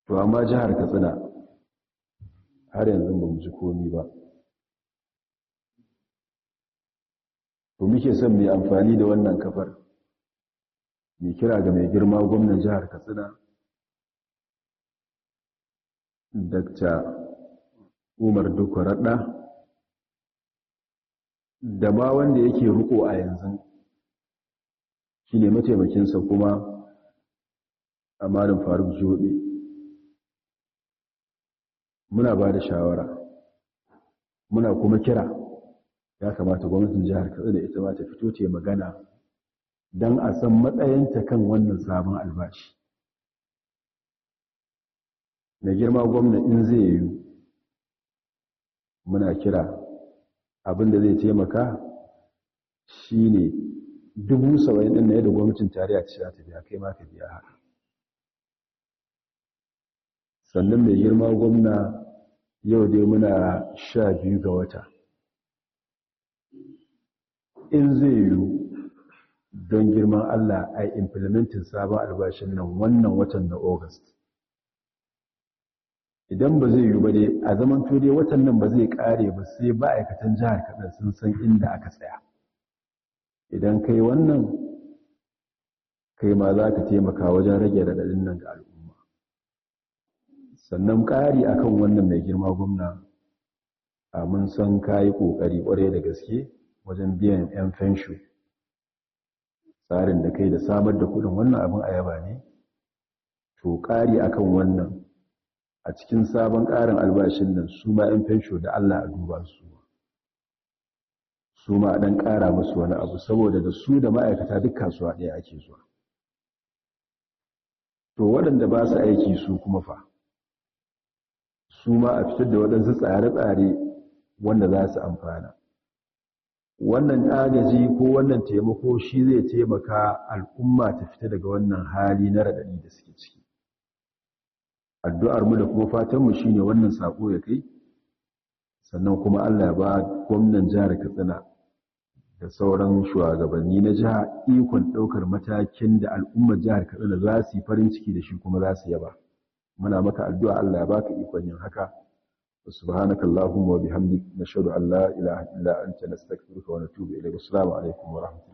to amma jihar katsina har yanzu ba mu ji komi ba to muke son mai amfani da wannan kafar mai kira ga mai girma gwamnan jihar katsina dr umar dukwaraɗa da ma wanda yake riko a yanzu shi ne mataimakinsa kuma amarin faruk jobe muna ba da shawara muna kuma kira ya kamata gwamnatin jihar katsina ita ba ta fito ta magana don a san matsayinta kan wannan sabon albashi na girma gwamna in zai yi muna kira abinda zai taimaka shine dubu saba'in ɗin na yadda gwamnatin tarayya ce za ta biya kai ma ka biya haka sannan mai girma gwamna yau dai muna sha biyu ga wata in zai yiwu don girman allah a implementin sabon albashin nan wannan watan na august idan ba zai yiwu ba dai a zaman dai watan nan ba zai kare ba sai ma'aikatan jihar kaɗan sun san inda aka tsaya idan kai wannan kai ma za ka taimaka wajen rage raɗaɗin nan ga al'umma sannan ƙari a kan wannan mai girma gwamna a mun san kayi ƙoƙari ƙwarai da gaske wajen biyan 'yan fenshu tsarin da kai da samar da kudin wannan abin a yaba ne to ƙari a kan wannan a cikin sabon ƙarin albashin nan su ma 'yan fensho da Allah a duba su su ma ɗan ƙara musu wani abu saboda da su da ma'aikata duk kasuwa ɗaya ake zuwa to waɗanda ba su aiki su kuma fa su ma a fitar da waɗansu tsare-tsare wanda za su amfana wannan agaji ko wannan taimako shi zai taimaka al'umma ta fita daga wannan hali na raɗaɗi da suke ciki addu'armu da kuma fatanmu shi ne wannan saƙo ya kai sannan kuma allah ba gwamnan jihar katsina da sauran shugabanni na jiha ikon ɗaukar matakin da al'ummar jihar katsina za su yi farin ciki da shi kuma za su yaba muna maka addu'a Allah ya baka ikon yin haka subhanaka allahumma wa bihamdik nashhadu an la ilaha illa anta nastaghfiruka wa natubu ilayk assalamu alaikum wa rahmatullahi